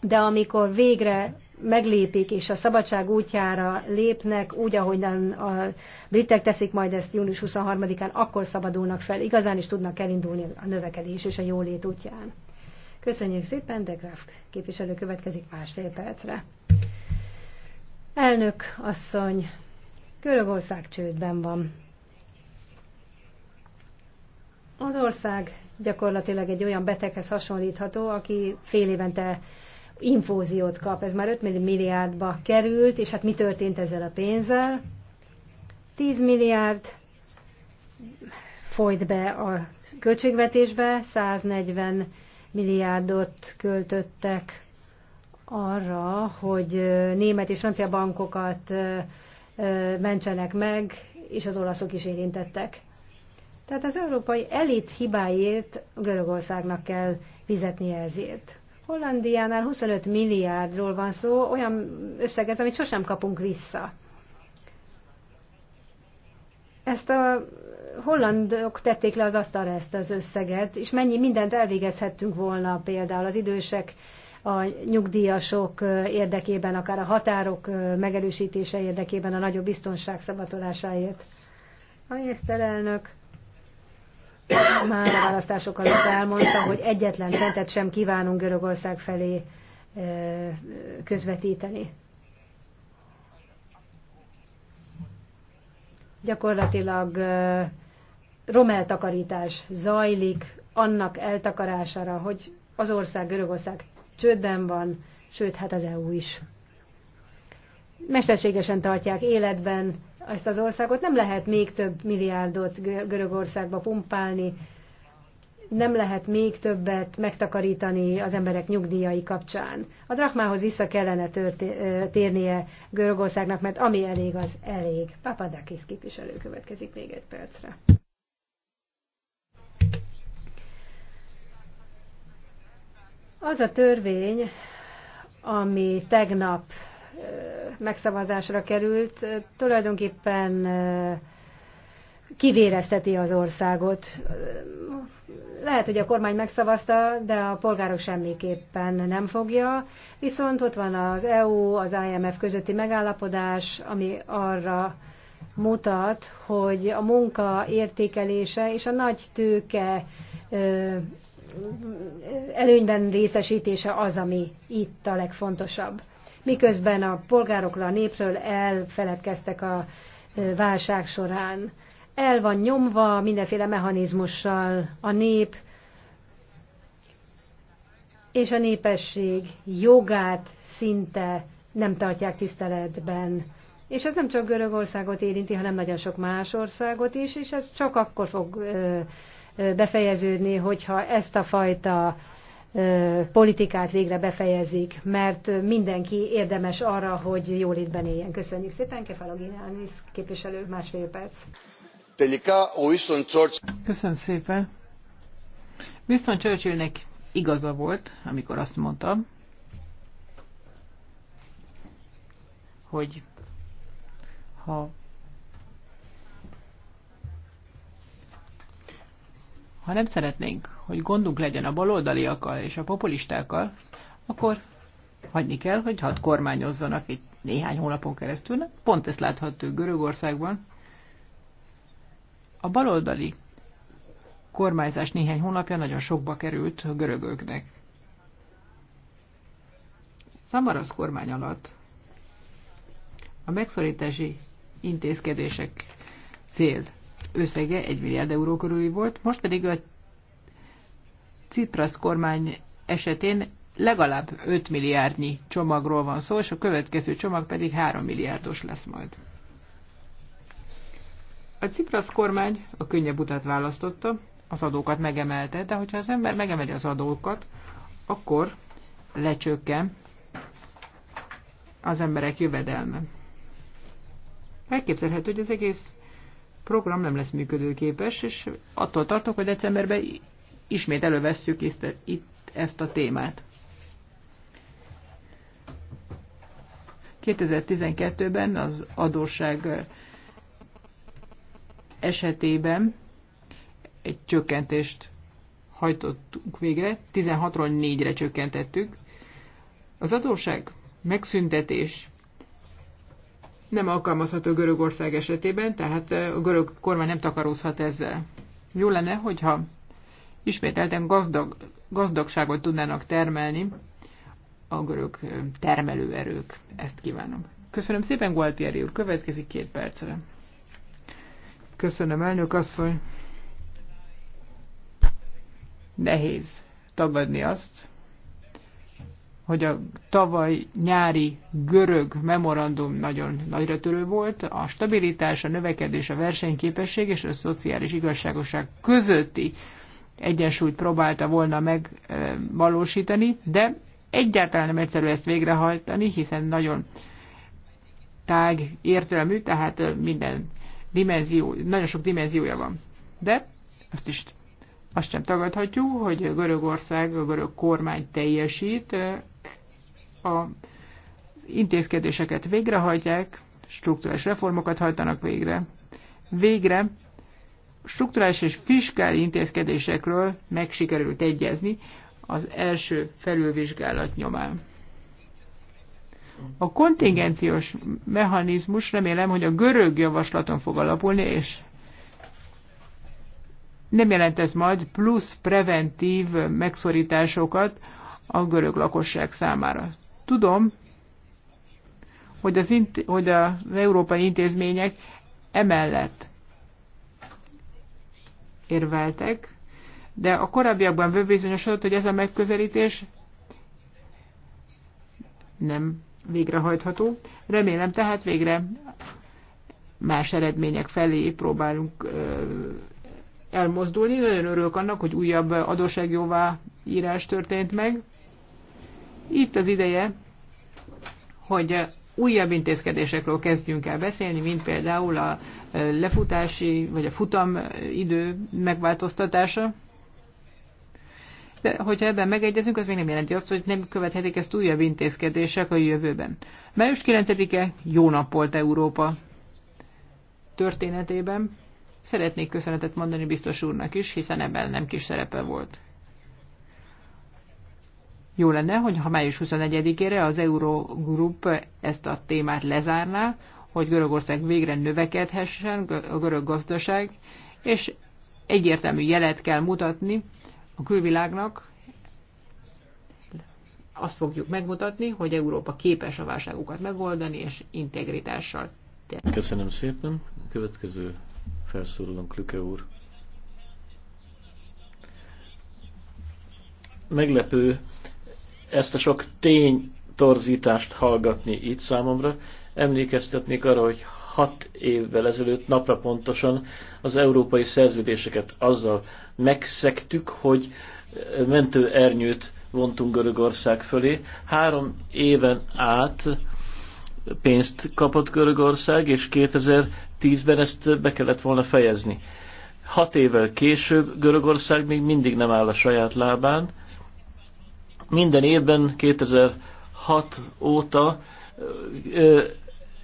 de amikor végre meglépik és a szabadság útjára lépnek, úgy, ahogyan a britek teszik majd ezt június 23-án, akkor szabadulnak fel, igazán is tudnak elindulni a növekedés és a jólét útján. Köszönjük szépen, de Graf képviselő következik másfél percre. Elnök asszony, Görögország csődben van. Az ország gyakorlatilag egy olyan beteghez hasonlítható, aki fél évente infóziót kap. Ez már 5 milliárdba került, és hát mi történt ezzel a pénzzel? 10 milliárd folyt be a költségvetésbe, 140 milliárdot költöttek arra, hogy német és francia bankokat mentsenek meg, és az olaszok is érintettek. Tehát az európai elit hibáért Görögországnak kell fizetni ezért. Hollandiánál 25 milliárdról van szó, olyan összeg ez, amit sosem kapunk vissza. Ezt a hollandok tették le az asztalra ezt az összeget, és mennyi mindent elvégezhettünk volna például az idősek, a nyugdíjasok érdekében, akár a határok megerősítése érdekében, a nagyobb biztonság szabadulásáért. A miniszterelnök már a választások alatt elmondta, hogy egyetlen centet sem kívánunk Görögország felé közvetíteni. Gyakorlatilag romeltakarítás zajlik annak eltakarására, hogy az ország, Görögország csődben van, sőt, hát az EU is. Mesterségesen tartják életben ezt az országot nem lehet még több milliárdot Görögországba pumpálni, nem lehet még többet megtakarítani az emberek nyugdíjai kapcsán. A drachmához vissza kellene történ- térnie Görögországnak, mert ami elég, az elég. Papadakis képviselő következik még egy percre. Az a törvény, ami tegnap megszavazásra került, tulajdonképpen kivérezteti az országot. Lehet, hogy a kormány megszavazta, de a polgárok semmiképpen nem fogja. Viszont ott van az EU, az IMF közötti megállapodás, ami arra mutat, hogy a munka értékelése és a nagy tőke előnyben részesítése az, ami itt a legfontosabb miközben a polgárokra, a népről elfeledkeztek a válság során. El van nyomva mindenféle mechanizmussal a nép, és a népesség jogát szinte nem tartják tiszteletben. És ez nem csak Görögországot érinti, hanem nagyon sok más országot is, és ez csak akkor fog befejeződni, hogyha ezt a fajta politikát végre befejezik, mert mindenki érdemes arra, hogy jólétben éljen. Köszönjük szépen, Kefaloginánis képviselő, másfél perc. Köszönöm szépen. Winston Churchillnek igaza volt, amikor azt mondta, hogy ha ha nem szeretnénk, hogy gondunk legyen a baloldaliakkal és a populistákkal, akkor hagyni kell, hogy hadd kormányozzanak egy néhány hónapon keresztül. Na, pont ezt láthattuk Görögországban. A baloldali kormányzás néhány hónapja nagyon sokba került a görögöknek. Szamarasz kormány alatt a megszorítási intézkedések cél összege 1 milliárd euró körüli volt, most pedig a Ciprasz kormány esetén legalább 5 milliárdnyi csomagról van szó, és a következő csomag pedig 3 milliárdos lesz majd. A Ciprasz kormány a könnyebb utat választotta, az adókat megemelte, de hogyha az ember megemeli az adókat, akkor lecsökken az emberek jövedelme. Elképzelhető, hogy az egész program nem lesz működőképes, és attól tartok, hogy decemberben ismét elővesszük itt ezt a témát. 2012-ben az adósság esetében egy csökkentést hajtottunk végre, 16-ról 4-re csökkentettük. Az adósság megszüntetés nem alkalmazható Görögország esetében, tehát a görög kormány nem takarózhat ezzel. Jó lenne, hogyha ismételten gazdag, gazdagságot tudnának termelni a görög termelőerők. Ezt kívánom. Köszönöm szépen, Gualtieri úr. Következik két percre. Köszönöm, elnök asszony. Nehéz tagadni azt, hogy a tavaly nyári görög memorandum nagyon nagyra törő volt, a stabilitás, a növekedés, a versenyképesség és a szociális igazságosság közötti egyensúlyt próbálta volna megvalósítani, de egyáltalán nem egyszerű ezt végrehajtani, hiszen nagyon tág értelmű, tehát minden dimenzió, nagyon sok dimenziója van. De azt is azt sem tagadhatjuk, hogy Görögország, a görög kormány teljesít, a intézkedéseket végrehajtják, struktúrás reformokat hajtanak végre. Végre strukturális és fiskál intézkedésekről meg sikerült egyezni az első felülvizsgálat nyomán. A kontingenciós mechanizmus remélem, hogy a görög javaslaton fog alapulni, és nem jelent ez majd plusz preventív megszorításokat a görög lakosság számára. Tudom, hogy az, hogy az európai intézmények emellett érveltek, de a korábbiakban bebizonyosodott, hogy ez a megközelítés nem végrehajtható. Remélem tehát végre más eredmények felé próbálunk elmozdulni. Nagyon örülök annak, hogy újabb adósságjóvá írás történt meg. Itt az ideje, hogy újabb intézkedésekről kezdjünk el beszélni, mint például a lefutási vagy a futamidő megváltoztatása. De hogyha ebben megegyezünk, az még nem jelenti azt, hogy nem követhetik ezt újabb intézkedések a jövőben. Május 9-e jó nap volt Európa történetében. Szeretnék köszönetet mondani biztos úrnak is, hiszen ebben nem kis szerepe volt. Jó lenne, hogy ha május 21-ére az Eurogroup ezt a témát lezárná, hogy Görögország végre növekedhessen, a görög gazdaság, és egyértelmű jelet kell mutatni a külvilágnak, azt fogjuk megmutatni, hogy Európa képes a válságokat megoldani, és integritással. Köszönöm szépen. Következő felszólalom Klüke úr. Meglepő ezt a sok ténytorzítást hallgatni itt számomra. Emlékeztetnék arra, hogy hat évvel ezelőtt napra pontosan az európai szerződéseket azzal megszektük, hogy eh, mentő ernyőt vontunk Görögország fölé. Három éven át pénzt kapott Görögország, és 2010-ben ezt be kellett volna fejezni. Hat évvel később Görögország még mindig nem áll a saját lábán, minden évben 2006 óta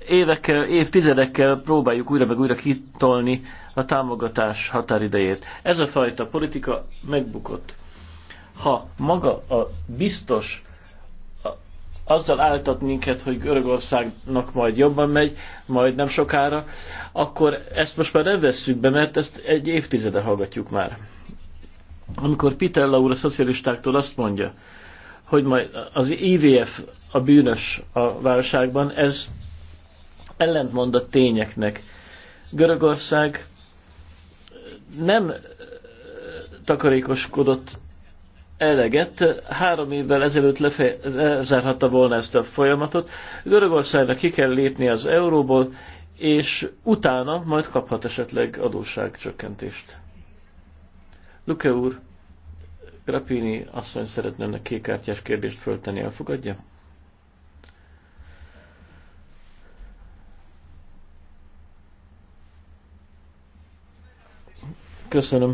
évekkel, évtizedekkel próbáljuk újra meg újra kitolni a támogatás határidejét. Ez a fajta politika megbukott. Ha maga a biztos azzal álltat minket, hogy Görögországnak majd jobban megy, majd nem sokára, akkor ezt most már nem vesszük be, mert ezt egy évtizede hallgatjuk már. Amikor Pitella úr a szocialistáktól azt mondja, hogy majd az IVF e a bűnös a válságban, ez ellentmond a tényeknek. Görögország nem takarékoskodott eleget, három évvel ezelőtt lezárhatta volna ezt a folyamatot. Görögországnak ki kell lépni az euróból, és utána majd kaphat esetleg adósságcsökkentést. Luke úr! Grapini asszony szeretne önnek kékkártyás kérdést föltenni, elfogadja? Köszönöm.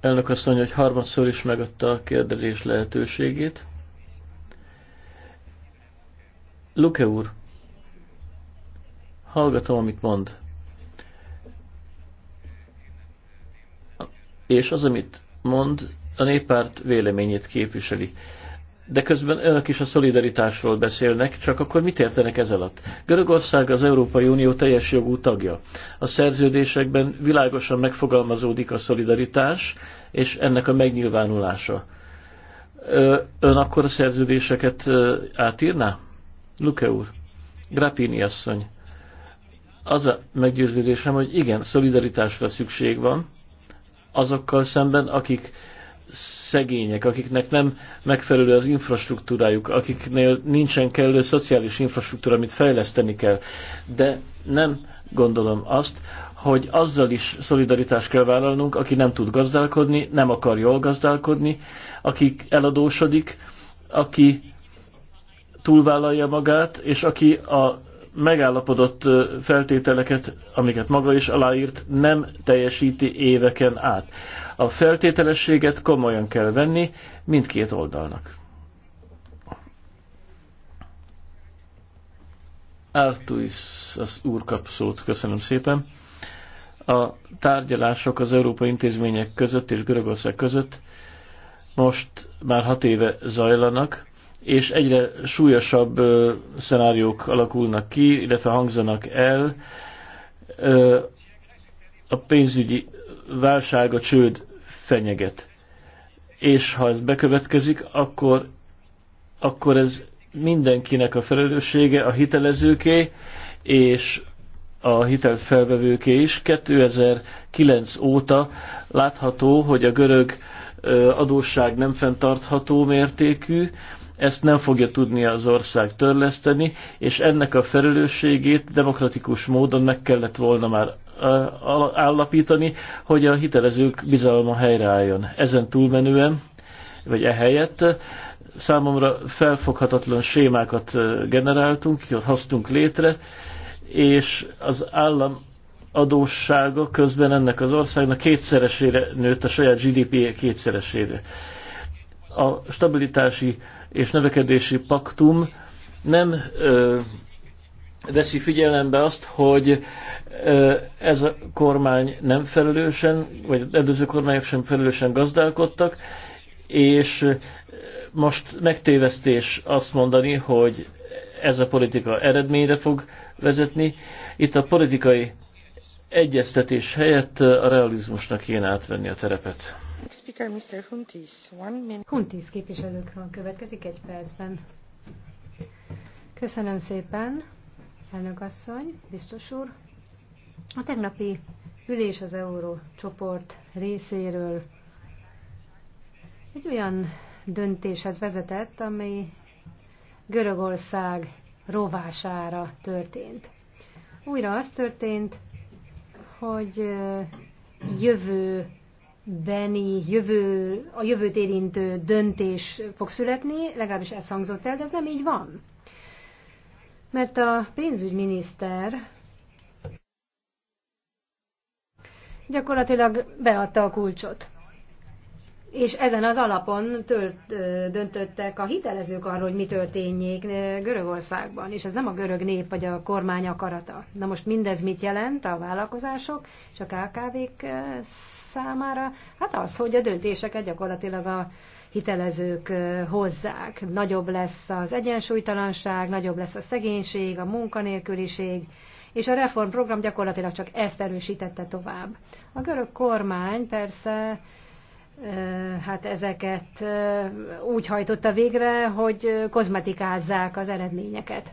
Elnök mondja, hogy harmadszor is megadta a kérdezés lehetőségét. Luke úr, hallgatom, amit mond. és az, amit mond, a néppárt véleményét képviseli. De közben önök is a szolidaritásról beszélnek, csak akkor mit értenek ez alatt? Görögország az Európai Unió teljes jogú tagja. A szerződésekben világosan megfogalmazódik a szolidaritás, és ennek a megnyilvánulása. Ön akkor a szerződéseket átírná? Luke úr, Grappini asszony. Az a meggyőződésem, hogy igen, szolidaritásra szükség van, azokkal szemben, akik szegények, akiknek nem megfelelő az infrastruktúrájuk, akiknél nincsen kellő szociális infrastruktúra, amit fejleszteni kell. De nem gondolom azt, hogy azzal is szolidaritást kell vállalnunk, aki nem tud gazdálkodni, nem akar jól gazdálkodni, aki eladósodik, aki túlvállalja magát, és aki a megállapodott feltételeket, amiket maga is aláírt, nem teljesíti éveken át. A feltételességet komolyan kell venni mindkét oldalnak. Artuis az úr kap szót, köszönöm szépen. A tárgyalások az európai intézmények között és Görögország között most már hat éve zajlanak és egyre súlyosabb ö, szenáriók alakulnak ki, illetve hangzanak el. Ö, a pénzügyi válság, a csőd fenyeget. És ha ez bekövetkezik, akkor, akkor ez mindenkinek a felelőssége, a hitelezőké, és a hitelfelvevőké is. 2009 óta látható, hogy a görög adósság nem fenntartható mértékű, ezt nem fogja tudni az ország törleszteni, és ennek a felelősségét demokratikus módon meg kellett volna már állapítani, hogy a hitelezők bizalma helyreálljon. Ezen túlmenően, vagy ehelyett számomra felfoghatatlan sémákat generáltunk, hoztunk létre, és az állam adóssága közben ennek az országnak kétszeresére nőtt, a saját GDP-je kétszeresére a stabilitási és növekedési paktum nem ö, veszi figyelembe azt, hogy ö, ez a kormány nem felelősen, vagy előző kormányok sem felelősen gazdálkodtak, és most megtévesztés azt mondani, hogy ez a politika eredményre fog vezetni. Itt a politikai egyeztetés helyett a realizmusnak kéne átvenni a terepet. Huntis, képviselők következik egy percben. Köszönöm szépen, elnök asszony, biztos úr. A tegnapi ülés az Csoport részéről egy olyan döntéshez vezetett, amely Görögország rovására történt. Újra az történt, hogy jövő beni jövő, a jövőt érintő döntés fog születni, legalábbis ez hangzott el, de ez nem így van. Mert a pénzügyminiszter gyakorlatilag beadta a kulcsot. És ezen az alapon tört, döntöttek a hitelezők arról, hogy mi történjék Görögországban, és ez nem a görög nép vagy a kormány akarata. Na most mindez mit jelent a vállalkozások és a KKV-k számára? Hát az, hogy a döntéseket gyakorlatilag a hitelezők hozzák. Nagyobb lesz az egyensúlytalanság, nagyobb lesz a szegénység, a munkanélküliség, és a reformprogram gyakorlatilag csak ezt erősítette tovább. A görög kormány persze hát ezeket úgy hajtotta végre, hogy kozmetikázzák az eredményeket.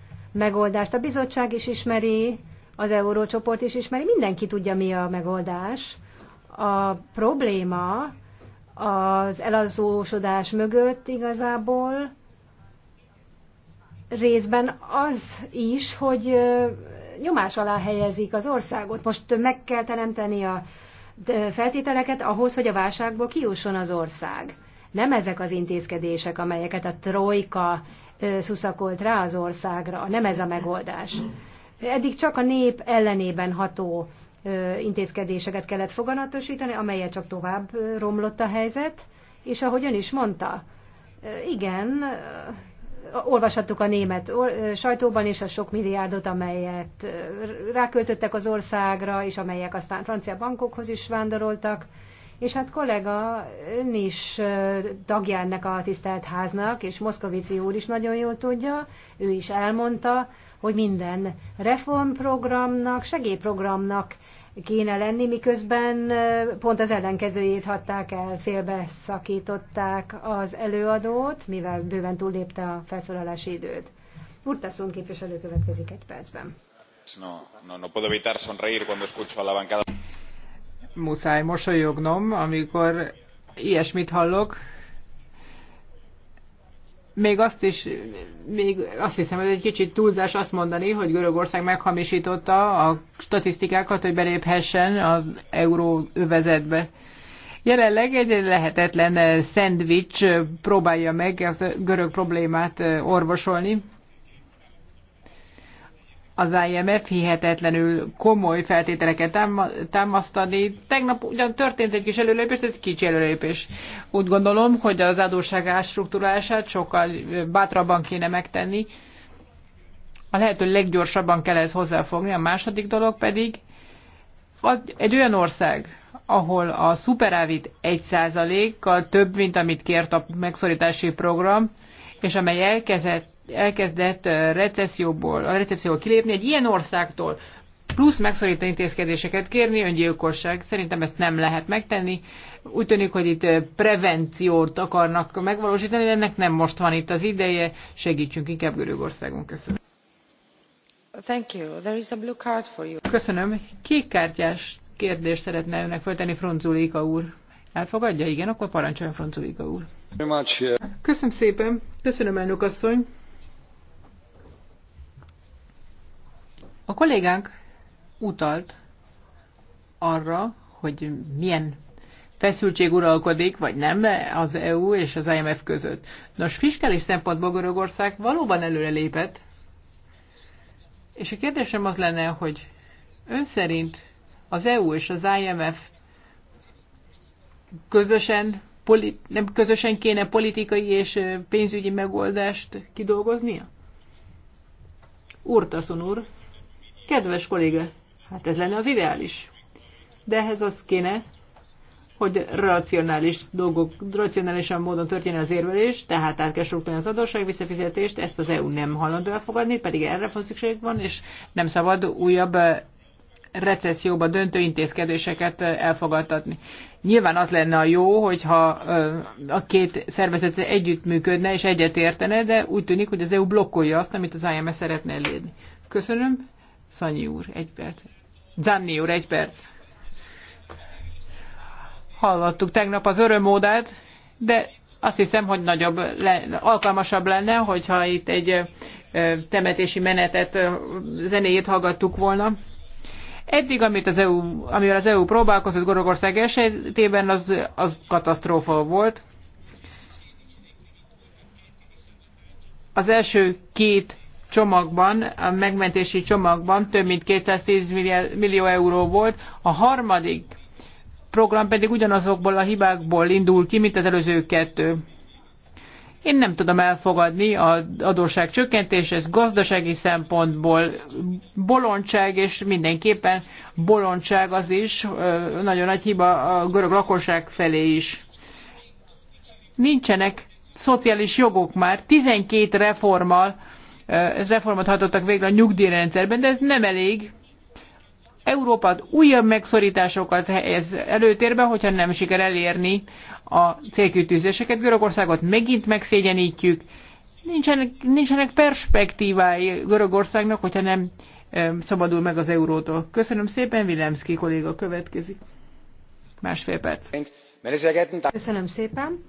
megoldást. A bizottság is ismeri, az eurócsoport is ismeri, mindenki tudja, mi a megoldás. A probléma az elazósodás mögött igazából részben az is, hogy nyomás alá helyezik az országot. Most meg kell teremteni a feltételeket ahhoz, hogy a válságból kiusson az ország. Nem ezek az intézkedések, amelyeket a trojka szuszakolt rá az országra. Nem ez a megoldás. Eddig csak a nép ellenében ható intézkedéseket kellett foganatosítani, amelyel csak tovább romlott a helyzet, és ahogy ön is mondta, igen, olvashattuk a német sajtóban is a sok milliárdot, amelyet ráköltöttek az országra, és amelyek aztán francia bankokhoz is vándoroltak. És hát kollega, ön is tagja ennek a tisztelt háznak, és Moszkovici úr is nagyon jól tudja, ő is elmondta, hogy minden reformprogramnak, segélyprogramnak kéne lenni, miközben pont az ellenkezőjét hatták el, félbe szakították az előadót, mivel bőven túllépte a felszólalási időt. Urtasun képviselő következik egy percben. No, no, no puedo evitar sonreír cuando escucho a la bancada muszáj mosolyognom, amikor ilyesmit hallok. Még azt is, még azt hiszem, hogy egy kicsit túlzás azt mondani, hogy Görögország meghamisította a statisztikákat, hogy beléphessen az euróövezetbe. Jelenleg egy lehetetlen szendvics próbálja meg az görög problémát orvosolni az IMF hihetetlenül komoly feltételeket támasztani. Tegnap ugyan történt egy kis előlépés, de ez kicsi előlépés. Úgy gondolom, hogy az adósság ástruktúrálását sokkal bátrabban kéne megtenni. A lehető leggyorsabban kell ez hozzáfogni. A második dolog pedig az egy olyan ország, ahol a szuperávit 1%-kal több, mint amit kért a megszorítási program, és amely elkezdett elkezdett recesszióból, a recesszióból kilépni, egy ilyen országtól plusz megszorító intézkedéseket kérni, öngyilkosság. Szerintem ezt nem lehet megtenni. Úgy tűnik, hogy itt prevenciót akarnak megvalósítani, de ennek nem most van itt az ideje. Segítsünk inkább Görögországon. Köszönöm. Thank you. There is a blue card for you. Köszönöm. Kék kártyás kérdést szeretne önnek föltenni Fronzulika úr. Elfogadja? Igen, akkor parancsoljon Fronzulika úr. Köszönöm szépen. Köszönöm, elnök asszony. A kollégánk utalt arra, hogy milyen feszültség uralkodik, vagy nem az EU és az IMF között. Nos, fiskális szempontból Görögország valóban előrelépett, és a kérdésem az lenne, hogy ön szerint az EU és az IMF közösen, politi- nem közösen kéne politikai és pénzügyi megoldást kidolgoznia? Úr, úr, Kedves kolléga, hát ez lenne az ideális. De ehhez az kéne, hogy racionális dolgok, racionálisan módon történjen az érvelés, tehát át kell struktúrálni az adósság visszafizetést, ezt az EU nem hajlandó elfogadni, pedig erre van szükség van, és nem szabad újabb eh, recesszióba döntő intézkedéseket eh, elfogadtatni. Nyilván az lenne a jó, hogyha eh, a két szervezet együttműködne és egyetértene, de úgy tűnik, hogy az EU blokkolja azt, amit az IMS szeretne elérni. Köszönöm. Szanyi úr, egy perc. Zanni úr, egy perc. Hallottuk tegnap az örömódát, de azt hiszem, hogy nagyobb, le, alkalmasabb lenne, hogyha itt egy temetési menetet, zenéjét hallgattuk volna. Eddig, amit az EU, amivel az EU próbálkozott Gorogország esetében, az, az katasztrófa volt. Az első két csomagban, a megmentési csomagban több mint 210 millió euró volt. A harmadik program pedig ugyanazokból a hibákból indul ki, mint az előző kettő. Én nem tudom elfogadni az adósság csökkentés, ez gazdasági szempontból bolondság, és mindenképpen bolondság az is, nagyon nagy hiba a görög lakosság felé is. Nincsenek szociális jogok már, 12 reformal reformot hatottak végre a nyugdíjrendszerben, de ez nem elég. Európát újabb megszorításokat helyez előtérbe, hogyha nem siker elérni a célkütőzéseket. Görögországot megint megszégyenítjük. Nincsenek, nincsenek perspektívái Görögországnak, hogyha nem szabadul meg az eurótól. Köszönöm szépen, Vilemszki kolléga következik. Másfél perc. Köszönöm szépen.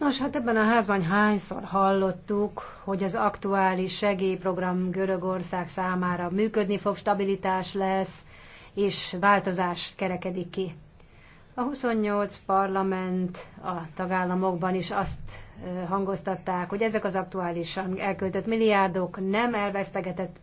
Nos, hát ebben a házban hányszor hallottuk, hogy az aktuális segélyprogram Görögország számára működni fog, stabilitás lesz, és változás kerekedik ki. A 28 parlament a tagállamokban is azt hangoztatták, hogy ezek az aktuálisan elköltött milliárdok nem elvesztegetett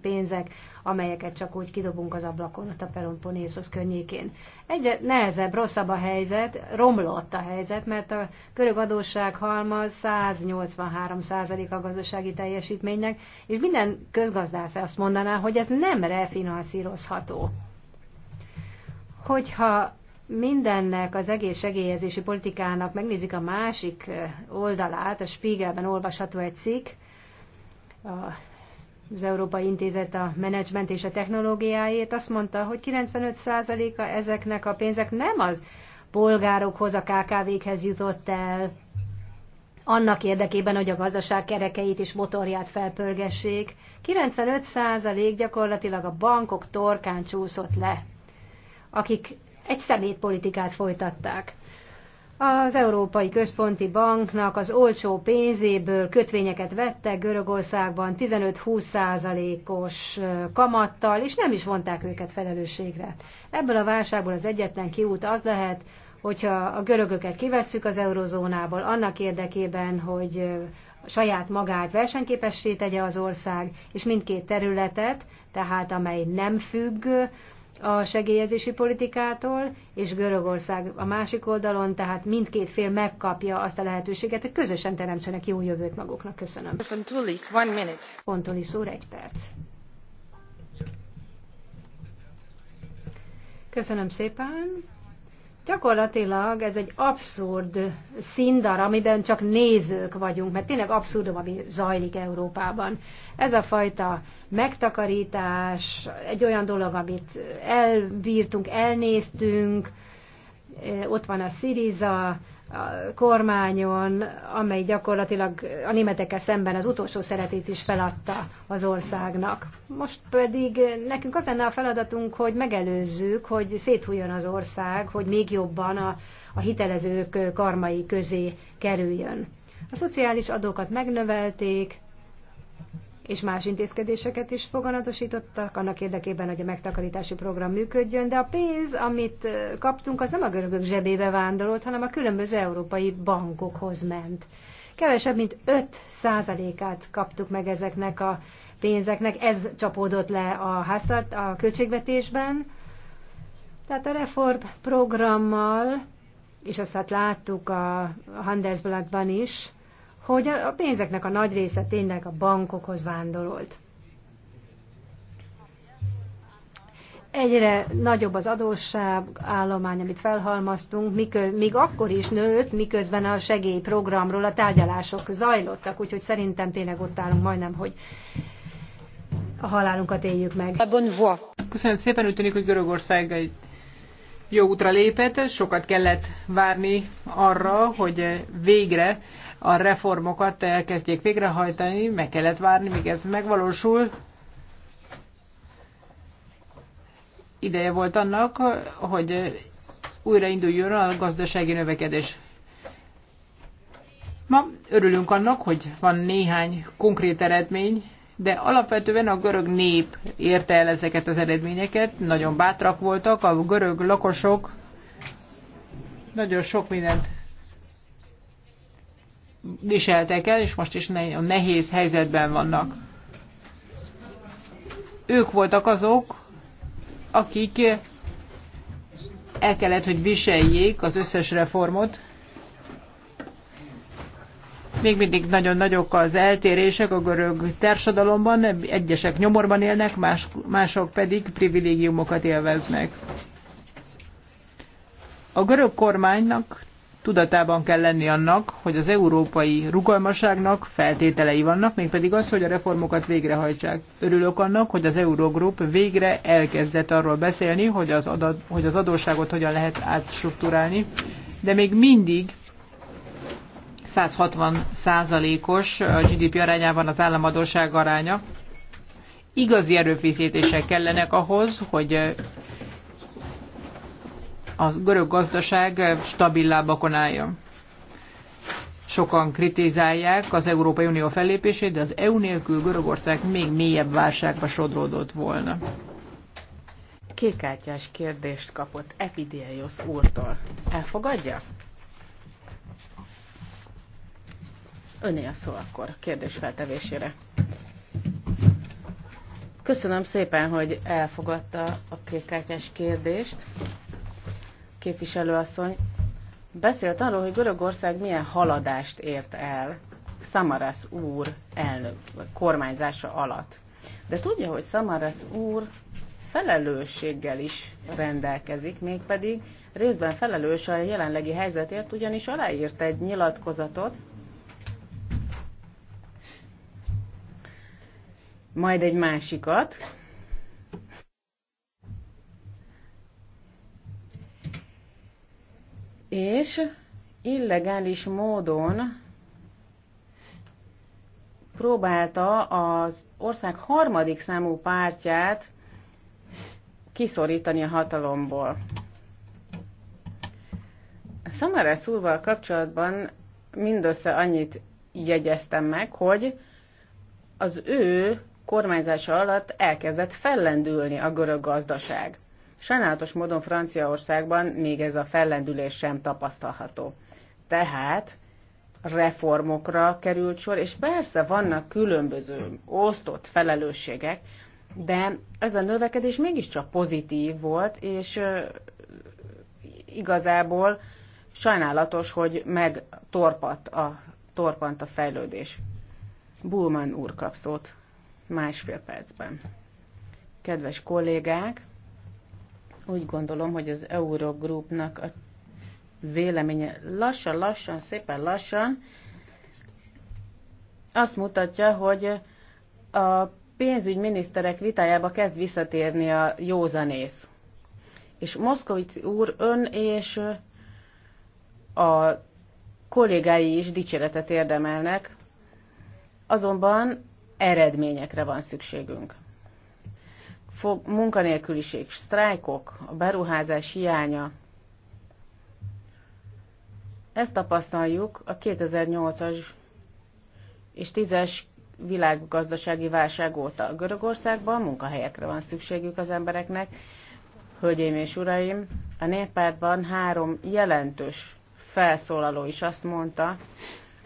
pénzek, amelyeket csak úgy kidobunk az ablakon, a Peloponnészos környékén. Egyre nehezebb, rosszabb a helyzet, romlott a helyzet, mert a körög adósság halmaz 183% a gazdasági teljesítménynek, és minden közgazdász azt mondaná, hogy ez nem refinanszírozható. Hogyha mindennek, az egész segélyezési politikának megnézik a másik oldalát, a Spiegelben olvasható egy cikk, az Európai Intézet a menedzsment és a technológiáért azt mondta, hogy 95%-a ezeknek a pénzek nem az polgárokhoz, a KKV-khez jutott el, annak érdekében, hogy a gazdaság kerekeit és motorját felpörgessék. 95% gyakorlatilag a bankok torkán csúszott le, akik egy szemétpolitikát folytatták. Az Európai Központi Banknak az olcsó pénzéből kötvényeket vettek Görögországban 15-20 százalékos kamattal, és nem is vonták őket felelősségre. Ebből a válságból az egyetlen kiút az lehet, hogyha a görögöket kivesszük az eurozónából, annak érdekében, hogy saját magát versenyképessé tegye az ország, és mindkét területet, tehát amely nem függ a segélyezési politikától, és Görögország a másik oldalon, tehát mindkét fél megkapja azt a lehetőséget, hogy közösen teremtsenek jó jövőt maguknak. Köszönöm. Pontulis one minute. úr, egy perc. Köszönöm szépen. Gyakorlatilag ez egy abszurd színdar, amiben csak nézők vagyunk, mert tényleg abszurdum, ami zajlik Európában. Ez a fajta megtakarítás, egy olyan dolog, amit elbírtunk, elnéztünk, eh, ott van a Siriza, a kormányon, amely gyakorlatilag a németekkel szemben az utolsó szeretét is feladta az országnak. Most pedig nekünk az lenne a feladatunk, hogy megelőzzük, hogy széthújjon az ország, hogy még jobban a, a hitelezők karmai közé kerüljön. A szociális adókat megnövelték, és más intézkedéseket is foganatosítottak annak érdekében, hogy a megtakarítási program működjön, de a pénz, amit kaptunk, az nem a görögök zsebébe vándorolt, hanem a különböző európai bankokhoz ment. Kevesebb, mint 5%-át kaptuk meg ezeknek a pénzeknek, ez csapódott le a házat a költségvetésben. Tehát a reform programmal, és azt hát láttuk a Handelsblattban is, hogy a pénzeknek a nagy része tényleg a bankokhoz vándorolt. Egyre nagyobb az adósság állomány, amit felhalmaztunk, miköz, még akkor is nőtt, miközben a segélyprogramról a tárgyalások zajlottak, úgyhogy szerintem tényleg ott állunk majdnem, hogy a halálunkat éljük meg. Köszönöm szépen, úgy tűnik, hogy Görögország egy jó útra lépett, sokat kellett várni arra, hogy végre a reformokat elkezdjék végrehajtani, meg kellett várni, míg ez megvalósul. Ideje volt annak, hogy újrainduljon a gazdasági növekedés. Ma örülünk annak, hogy van néhány konkrét eredmény, de alapvetően a görög nép érte el ezeket az eredményeket, nagyon bátrak voltak, a görög lakosok nagyon sok mindent viseltek el, és most is nagyon nehéz helyzetben vannak. Ők voltak azok, akik el kellett, hogy viseljék az összes reformot. Még mindig nagyon nagyok az eltérések a görög társadalomban, egyesek nyomorban élnek, más, mások pedig privilégiumokat élveznek. A görög kormánynak tudatában kell lenni annak, hogy az európai rugalmasságnak feltételei vannak, mégpedig az, hogy a reformokat végrehajtsák. Örülök annak, hogy az Eurogroup végre elkezdett arról beszélni, hogy az, adat, hogy az adósságot hogyan lehet átstruktúrálni, de még mindig 160 százalékos a GDP arányában az államadóság aránya. Igazi erőfészítések kellenek ahhoz, hogy a görög gazdaság stabil lábakon álljon. Sokan kritizálják az Európai Unió fellépését, de az EU nélkül Görögország még mélyebb válságba sodródott volna. Kékátyás kérdést kapott Epidiaios úrtól. Elfogadja? Öné a szó akkor a kérdés feltevésére. Köszönöm szépen, hogy elfogadta a kékátyás kérdést képviselőasszony beszélt arról, hogy Görögország milyen haladást ért el Samarasz úr elnök kormányzása alatt. De tudja, hogy Samarasz úr felelősséggel is rendelkezik, mégpedig részben felelős a jelenlegi helyzetért, ugyanis aláírt egy nyilatkozatot, majd egy másikat, és illegális módon próbálta az ország harmadik számú pártját kiszorítani a hatalomból. Samara Szulval kapcsolatban mindössze annyit jegyeztem meg, hogy az ő kormányzása alatt elkezdett fellendülni a görög gazdaság. Sajnálatos módon Franciaországban még ez a fellendülés sem tapasztalható. Tehát reformokra került sor, és persze vannak különböző osztott felelősségek, de ez a növekedés mégiscsak pozitív volt, és igazából sajnálatos, hogy megtorpant a, torpant a fejlődés. Bulman úr kap szót másfél percben. Kedves kollégák, úgy gondolom, hogy az Eurogroupnak a véleménye lassan-lassan, szépen lassan azt mutatja, hogy a pénzügyminiszterek vitájába kezd visszatérni a józanész. És Moszkovic úr ön és a kollégái is dicséretet érdemelnek, azonban eredményekre van szükségünk fog, munkanélküliség, sztrájkok, a beruházás hiánya. Ezt tapasztaljuk a 2008-as és 10-es világgazdasági válság óta. Görögországban munkahelyekre van szükségük az embereknek. Hölgyeim és uraim, a néppártban három jelentős felszólaló is azt mondta,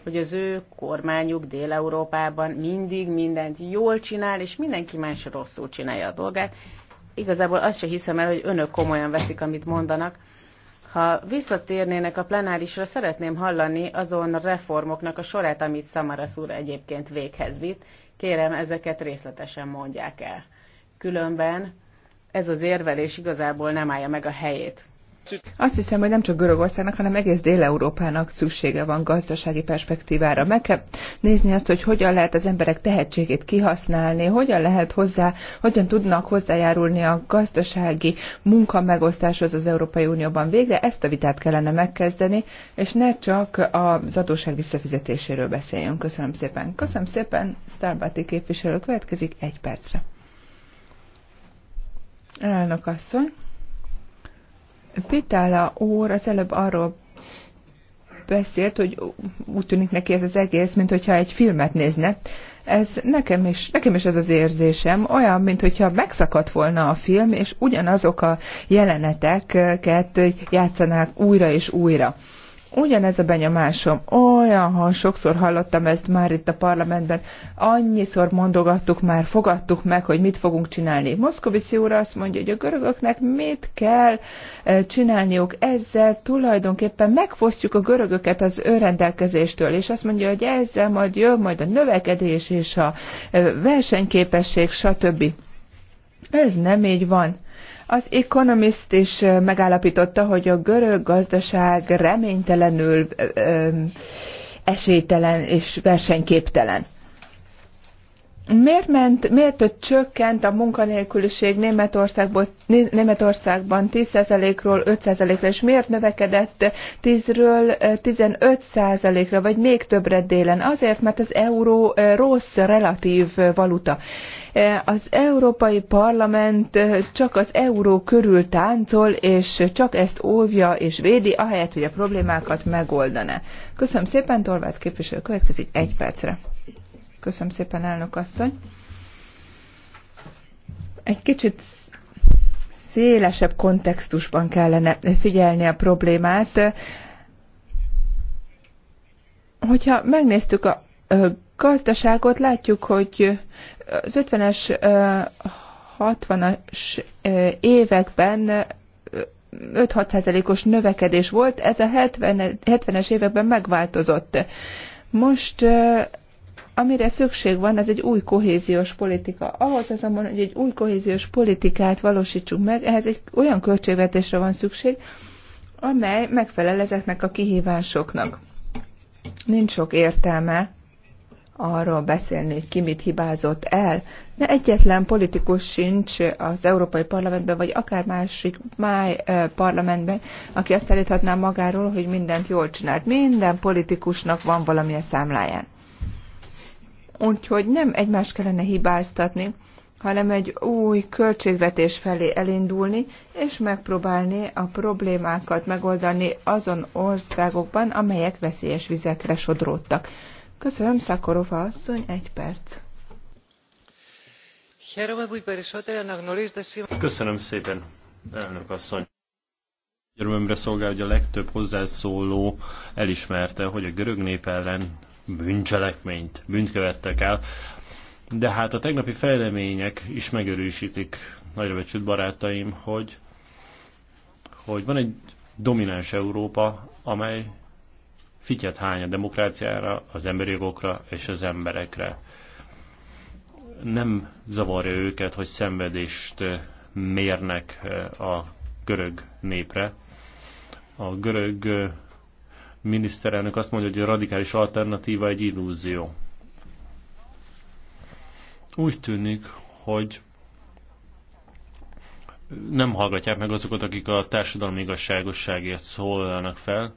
hogy az ő kormányuk Dél-Európában mindig mindent jól csinál, és mindenki más rosszul csinálja a dolgát. Igazából azt se hiszem el, hogy önök komolyan veszik, amit mondanak. Ha visszatérnének a plenárisra, szeretném hallani azon reformoknak a sorát, amit Szamarasz úr egyébként véghez vitt. Kérem, ezeket részletesen mondják el. Különben ez az érvelés igazából nem állja meg a helyét. Azt hiszem, hogy nem csak Görögországnak, hanem egész Dél-Európának szüksége van gazdasági perspektívára. Meg kell nézni azt, hogy hogyan lehet az emberek tehetségét kihasználni, hogyan lehet hozzá, hogyan tudnak hozzájárulni a gazdasági munka megosztáshoz az Európai Unióban. Végre ezt a vitát kellene megkezdeni, és ne csak az adóság visszafizetéséről beszéljünk. Köszönöm szépen. Köszönöm szépen, Starbati képviselő következik egy percre. Elnök asszony. Pitála úr az előbb arról beszélt, hogy úgy tűnik neki ez az egész, mint hogyha egy filmet nézne. Ez nekem is, nekem is ez az érzésem, olyan, mint hogyha megszakadt volna a film, és ugyanazok a jeleneteket eh, eh, játszanák újra és újra. Ugyanez a benyomásom. Olyan, ha sokszor hallottam ezt már itt a parlamentben, annyiszor mondogattuk már, fogadtuk meg, hogy mit fogunk csinálni. Moszkovici úr azt mondja, hogy a görögöknek mit kell eh, csinálniuk. Ezzel tulajdonképpen megfosztjuk a görögöket az önrendelkezéstől, és azt mondja, hogy ezzel majd jön majd a növekedés és a eh, versenyképesség, stb. Ez nem így van. Az Economist is megállapította, hogy a görög gazdaság reménytelenül esélytelen és versenyképtelen. Miért, ment, miért csökkent a munkanélküliség Németországban 10%-ról 5%-ra, és miért növekedett 10-ről 15%-ra, vagy még többre délen? Azért, mert az euró rossz relatív valuta. Eh, az Európai Parlament eh, csak az euró körül táncol, és csak ezt óvja és védi, ahelyett, hogy a problémákat megoldana. Köszönöm szépen, Torvát képviselő következik egy percre. Köszönöm szépen, elnök asszony. Egy kicsit szélesebb kontextusban kellene figyelni a problémát. Hogyha megnéztük a gazdaságot látjuk, hogy az 50-es, 60-as években 5-6%-os növekedés volt, ez a 70, es években megváltozott. Most amire szükség van, ez egy új kohéziós politika. Ahhoz azonban, hogy egy új kohéziós politikát valósítsuk meg, ehhez egy olyan költségvetésre van szükség, amely megfelel ezeknek a kihívásoknak. Nincs sok értelme arról beszélni, hogy ki mit hibázott el, de egyetlen politikus sincs az Európai Parlamentben, vagy akár másik máj parlamentben, aki azt állíthatná magáról, hogy mindent jól csinált. Minden politikusnak van valami a számláján. Úgyhogy nem egymást kellene hibáztatni, hanem egy új költségvetés felé elindulni, és megpróbálni a problémákat megoldani azon országokban, amelyek veszélyes vizekre sodródtak. Köszönöm, Szakorova asszony, egy perc. Köszönöm szépen, elnök asszony. Örömömre szolgál, hogy a legtöbb hozzászóló elismerte, hogy a görög nép ellen bűncselekményt, bűnt követtek el. De hát a tegnapi fejlemények is megerősítik, nagyrebecsült barátaim, hogy, hogy van egy domináns Európa, amely fityet hány a demokráciára, az emberi jogokra és az emberekre. Nem zavarja őket, hogy szenvedést mérnek a görög népre. A görög miniszterelnök azt mondja, hogy a radikális alternatíva egy illúzió. Úgy tűnik, hogy nem hallgatják meg azokat, akik a társadalmi igazságosságért szólalnak fel,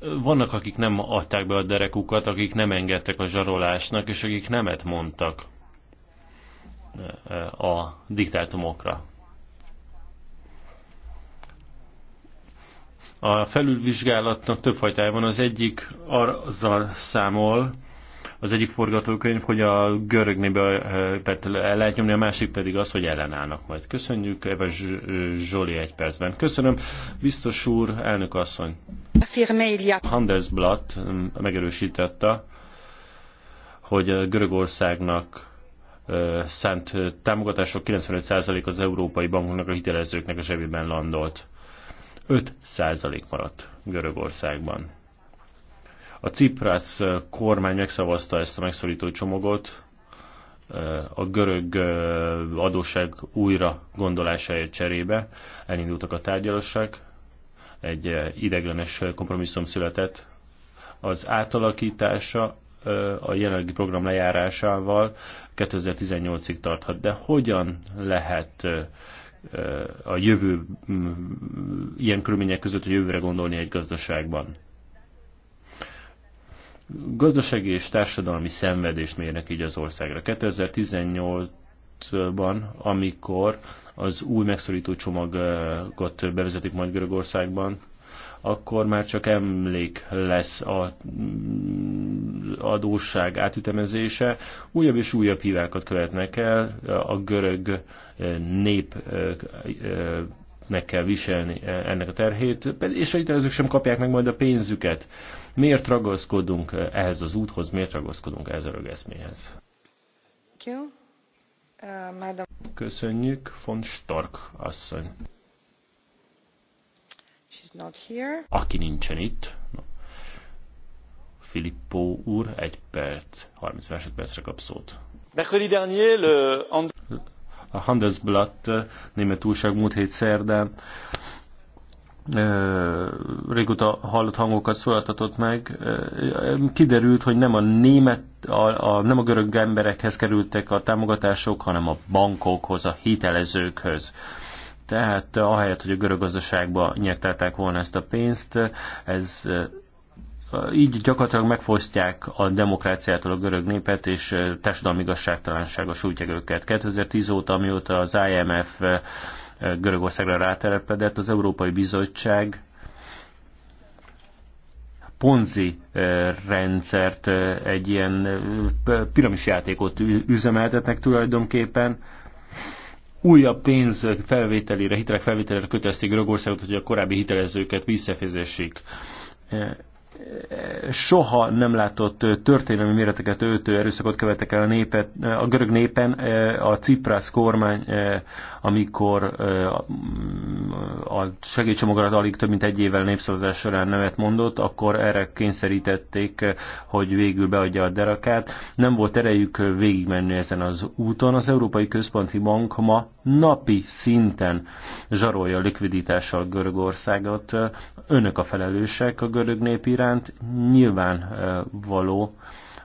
vannak, akik nem adták be a derekukat, akik nem engedtek a zsarolásnak, és akik nemet mondtak eh, a diktátumokra. A felülvizsgálatnak több fajtája van. Az egyik azzal számol, az egyik forgatókönyv, hogy a görögnébe eh, lehet nyomni, a másik pedig az, hogy ellenállnak majd. Köszönjük, Eva eh, Zsoli egy percben. Köszönöm, biztos úr, elnök asszony. Handelsblatt mm, megerősítette, hogy Görögországnak eh, szánt támogatások 95% az európai bankoknak a hitelezőknek a zsebében landolt. 5% maradt Görögországban. A Ciprász eh, kormány megszavazta ezt a megszorító csomagot, eh, a görög eh, adóság újra gondolásáért cserébe. Elindultak a tárgyalosság, egy ideglenes kompromisszum született. Az átalakítása a jelenlegi program lejárásával 2018-ig tarthat. De hogyan lehet a jövő, mm, ilyen körülmények között a jövőre gondolni egy gazdaságban? Gazdasági és társadalmi szenvedést mérnek így az országra. 2018-ban, amikor az új megszorító csomagot bevezetik majd Görögországban, akkor már csak emlék lesz a mm, adósság átütemezése. Újabb és újabb hívákat követnek el, a görög eh, nép meg eh, eh, kell viselni ennek a terhét, és a hitelezők sem kapják meg majd a pénzüket. Miért ragaszkodunk ehhez az úthoz, miért ragaszkodunk ehhez a rögeszméhez? Uh, Köszönjük, von Stark asszony. She's not here. Aki nincsen itt, Filippo úr, egy perc, 30 másodpercre kap szót. dernier, le... A Handelsblatt német újság múlt hét szerdán régóta hallott hangokat szólaltatott meg. Kiderült, hogy nem a német, a, a, nem a görög emberekhez kerültek a támogatások, hanem a bankokhoz, a hitelezőkhöz. Tehát ahelyett, hogy a görög gazdaságba nyertelták volna ezt a pénzt, ez így gyakorlatilag megfosztják a demokráciától a görög népet, és társadalmi igazságtalansága sújtják őket. 2010 óta, amióta az IMF Görögországra rátelepedett, az Európai Bizottság ponzi eh, rendszert, eh, egy ilyen eh, piramisjátékot üzemeltetnek tulajdonképpen. Újabb pénz felvételére, hitelek felvételére kötelezték Görögországot, hogy a korábbi hitelezőket visszafizessék soha nem látott történelmi méreteket öltő erőszakot követek el a, népet, a görög népen a Ciprász kormány, amikor a segélycsomagokat alig több mint egy évvel népszavazás során nevet mondott, akkor erre kényszerítették, hogy végül beadja a derakát. Nem volt erejük végigmenni ezen az úton. Az Európai Központi Bank ma napi szinten zsarolja likviditással Görögországot. Önök a felelősek a görög nép iránt. Nyilván való,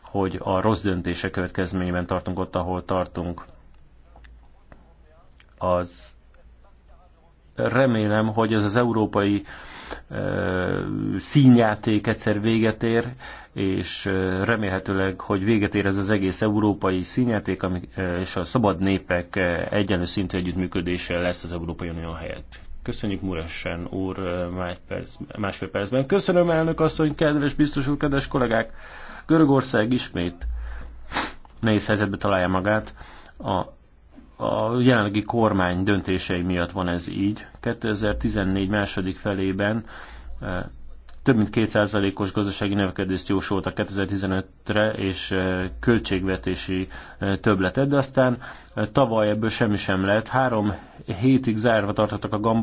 hogy a rossz döntése következményében tartunk ott, ahol tartunk. Az remélem, hogy ez az európai színjáték egyszer véget ér, és remélhetőleg, hogy véget ér ez az egész európai színjáték, és a szabad népek egyenlő szintű együttműködése lesz az Európai Unió helyett. Köszönjük Muresen úr perc, másfél percben. Köszönöm elnök asszony, kedves biztos úr, kedves kollégák. Görögország ismét nehéz helyzetbe találja magát. A a jelenlegi kormány döntései miatt van ez így. 2014 második felében több mint 2%-os gazdasági növekedést jósolt a 2015-re, és költségvetési többletet, de aztán tavaly ebből semmi sem lett. Három hétig zárva tartottak a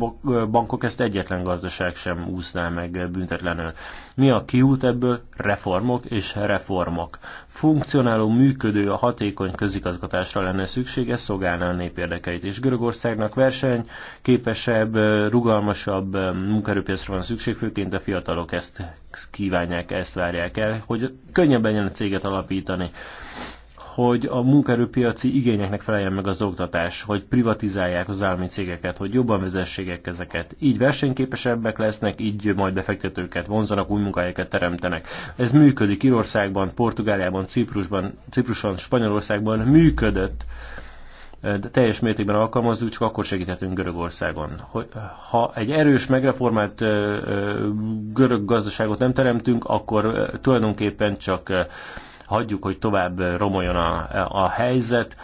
bankok, ezt egyetlen gazdaság sem úszná meg büntetlenül. Mi a kiút ebből? Reformok és reformok. Funkcionáló, működő, a hatékony közigazgatásra lenne szükség, ez szolgálná a népérdekeit. És Görögországnak verseny, képesebb, rugalmasabb munkerőpiacra van szükség, főként a fiatalok ezt kívánják, ezt várják el, hogy könnyebben legyen a céget alapítani hogy a munkaerőpiaci igényeknek feleljen meg az oktatás, hogy privatizálják az állami cégeket, hogy jobban vezessék ezeket. Így versenyképesebbek lesznek, így majd befektetőket vonzanak, új munkahelyeket teremtenek. Ez működik Írországban, Portugáliában, Ciprusban, Cipruson, Spanyolországban működött de teljes mértékben alkalmazzuk, csak akkor segíthetünk Görögországon. Ha egy erős, megreformált görög gazdaságot nem teremtünk, akkor tulajdonképpen csak hagyjuk, hogy tovább romoljon a, a helyzet,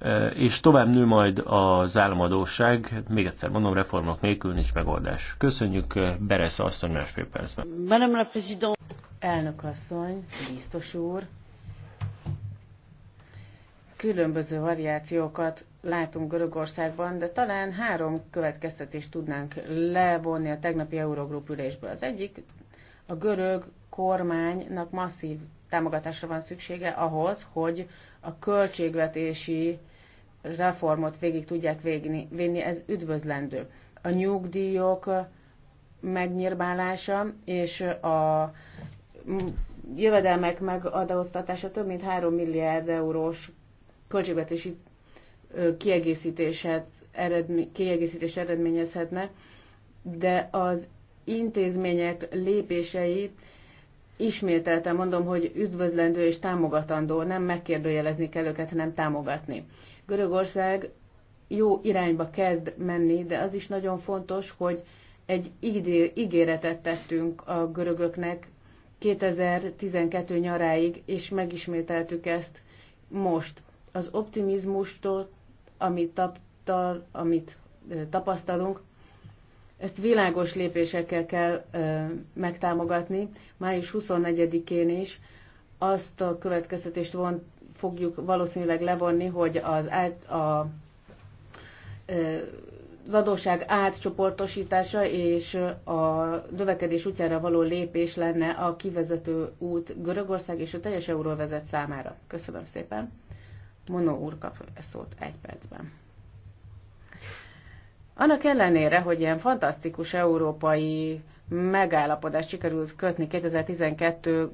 e, és tovább nő majd az államadóság, még egyszer mondom, reformok nélkül nincs megoldás. Köszönjük Beresz asszony másfél percben. Elnök asszony, biztos úr, különböző variációkat látunk Görögországban, de talán három következtetést tudnánk levonni a tegnapi Eurogrup ülésből. Az egyik, a görög kormánynak masszív támogatásra van szüksége ahhoz, hogy a költségvetési reformot végig tudják végni, vinni, ez üdvözlendő. A nyugdíjok megnyírbálása és a jövedelmek megadóztatása több mint 3 milliárd eurós költségvetési kiegészítéset, eredmi, kiegészítés eredményezhetne, de az intézmények lépéseit ismételten mondom, hogy üdvözlendő és támogatandó, nem megkérdőjelezni kell őket, hanem támogatni. Görögország jó irányba kezd menni, de az is nagyon fontos, hogy egy ígéretet tettünk a görögöknek 2012 nyaráig, és megismételtük ezt most. Az optimizmustól, amit, tal- amit tapasztalunk, ezt világos lépésekkel kell ö, megtámogatni. Május 24-én is azt a következtetést von, fogjuk valószínűleg levonni, hogy az, át, a, ö, az adóság átcsoportosítása és a növekedés útjára való lépés lenne a kivezető út Görögország és a teljes euróvezet számára. Köszönöm szépen. Mono úr kap szót egy percben. Annak ellenére, hogy ilyen fantasztikus európai megállapodást sikerült kötni 2012.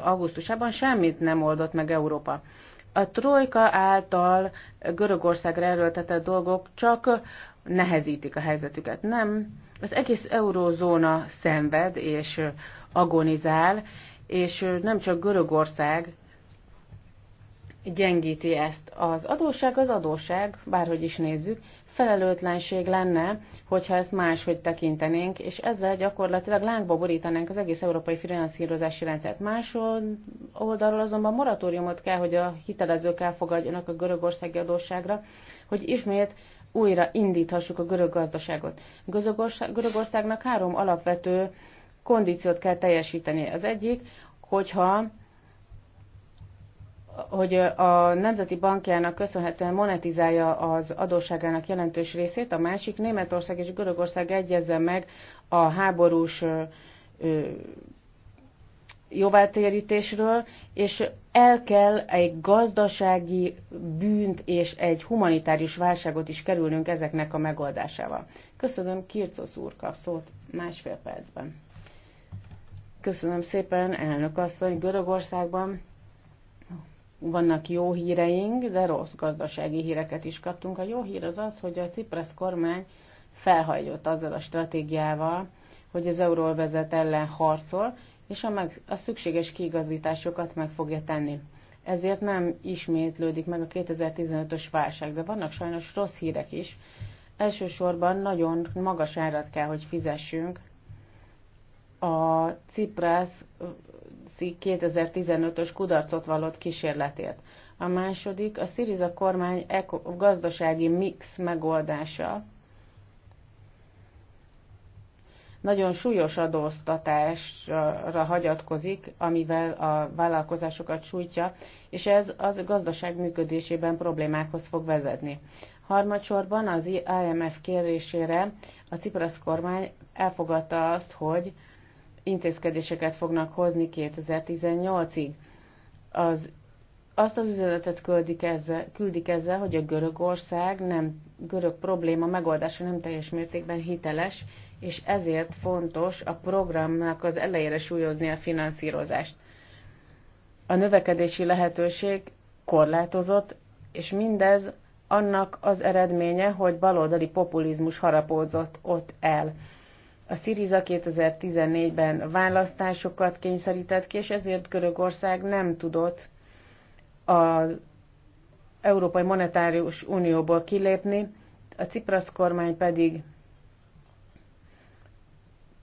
augusztusában, semmit nem oldott meg Európa. A trojka által Görögországra erőltetett dolgok csak nehezítik a helyzetüket. Nem, az egész eurózóna szenved és agonizál, és nem csak Görögország, gyengíti ezt. Az adósság az adósság, bárhogy is nézzük, felelőtlenség lenne, hogyha ezt máshogy tekintenénk, és ezzel gyakorlatilag lángba borítanánk az egész európai finanszírozási rendszert. Másod oldalról azonban moratóriumot kell, hogy a hitelezők elfogadjanak a görögországi adósságra, hogy ismét újra indíthassuk a görög gazdaságot. Görögországnak három alapvető kondíciót kell teljesíteni. Az egyik, hogyha hogy a Nemzeti Bankjának köszönhetően monetizálja az adósságának jelentős részét, a másik Németország és Görögország egyezze meg a háborús jóváltérítésről, és el kell egy gazdasági bűnt és egy humanitárius válságot is kerülnünk ezeknek a megoldásával. Köszönöm, Kircosz úr kap szót másfél percben. Köszönöm szépen, elnök asszony, Görögországban vannak jó híreink, de rossz gazdasági híreket is kaptunk. A jó hír az az, hogy a Ciprasz kormány felhajlott azzal a stratégiával, hogy az vezet ellen harcol, és a, meg, a szükséges kiigazításokat meg fogja tenni. Ezért nem ismétlődik meg a 2015-ös válság, de vannak sajnos rossz hírek is. Elsősorban nagyon magas árat kell, hogy fizessünk a Ciprász 2015-ös kudarcot vallott kísérletét. A második a Syriza kormány gazdasági mix megoldása, nagyon súlyos adóztatásra hagyatkozik, amivel a vállalkozásokat sújtja, és ez az gazdaság működésében problémákhoz fog vezetni. Harmadsorban az IMF kérésére a Ciprasz kormány elfogadta azt, hogy intézkedéseket fognak hozni 2018-ig. Az, azt az üzenetet küldik ezzel, küldik ezzel, hogy a Görögország nem, görög probléma megoldása nem teljes mértékben hiteles, és ezért fontos a programnak az elejére súlyozni a finanszírozást. A növekedési lehetőség korlátozott, és mindez annak az eredménye, hogy baloldali populizmus harapódzott ott el. A Siriza 2014-ben választásokat kényszerített ki, és ezért Görögország nem tudott az Európai Monetárius Unióból kilépni, a Ciprasz kormány pedig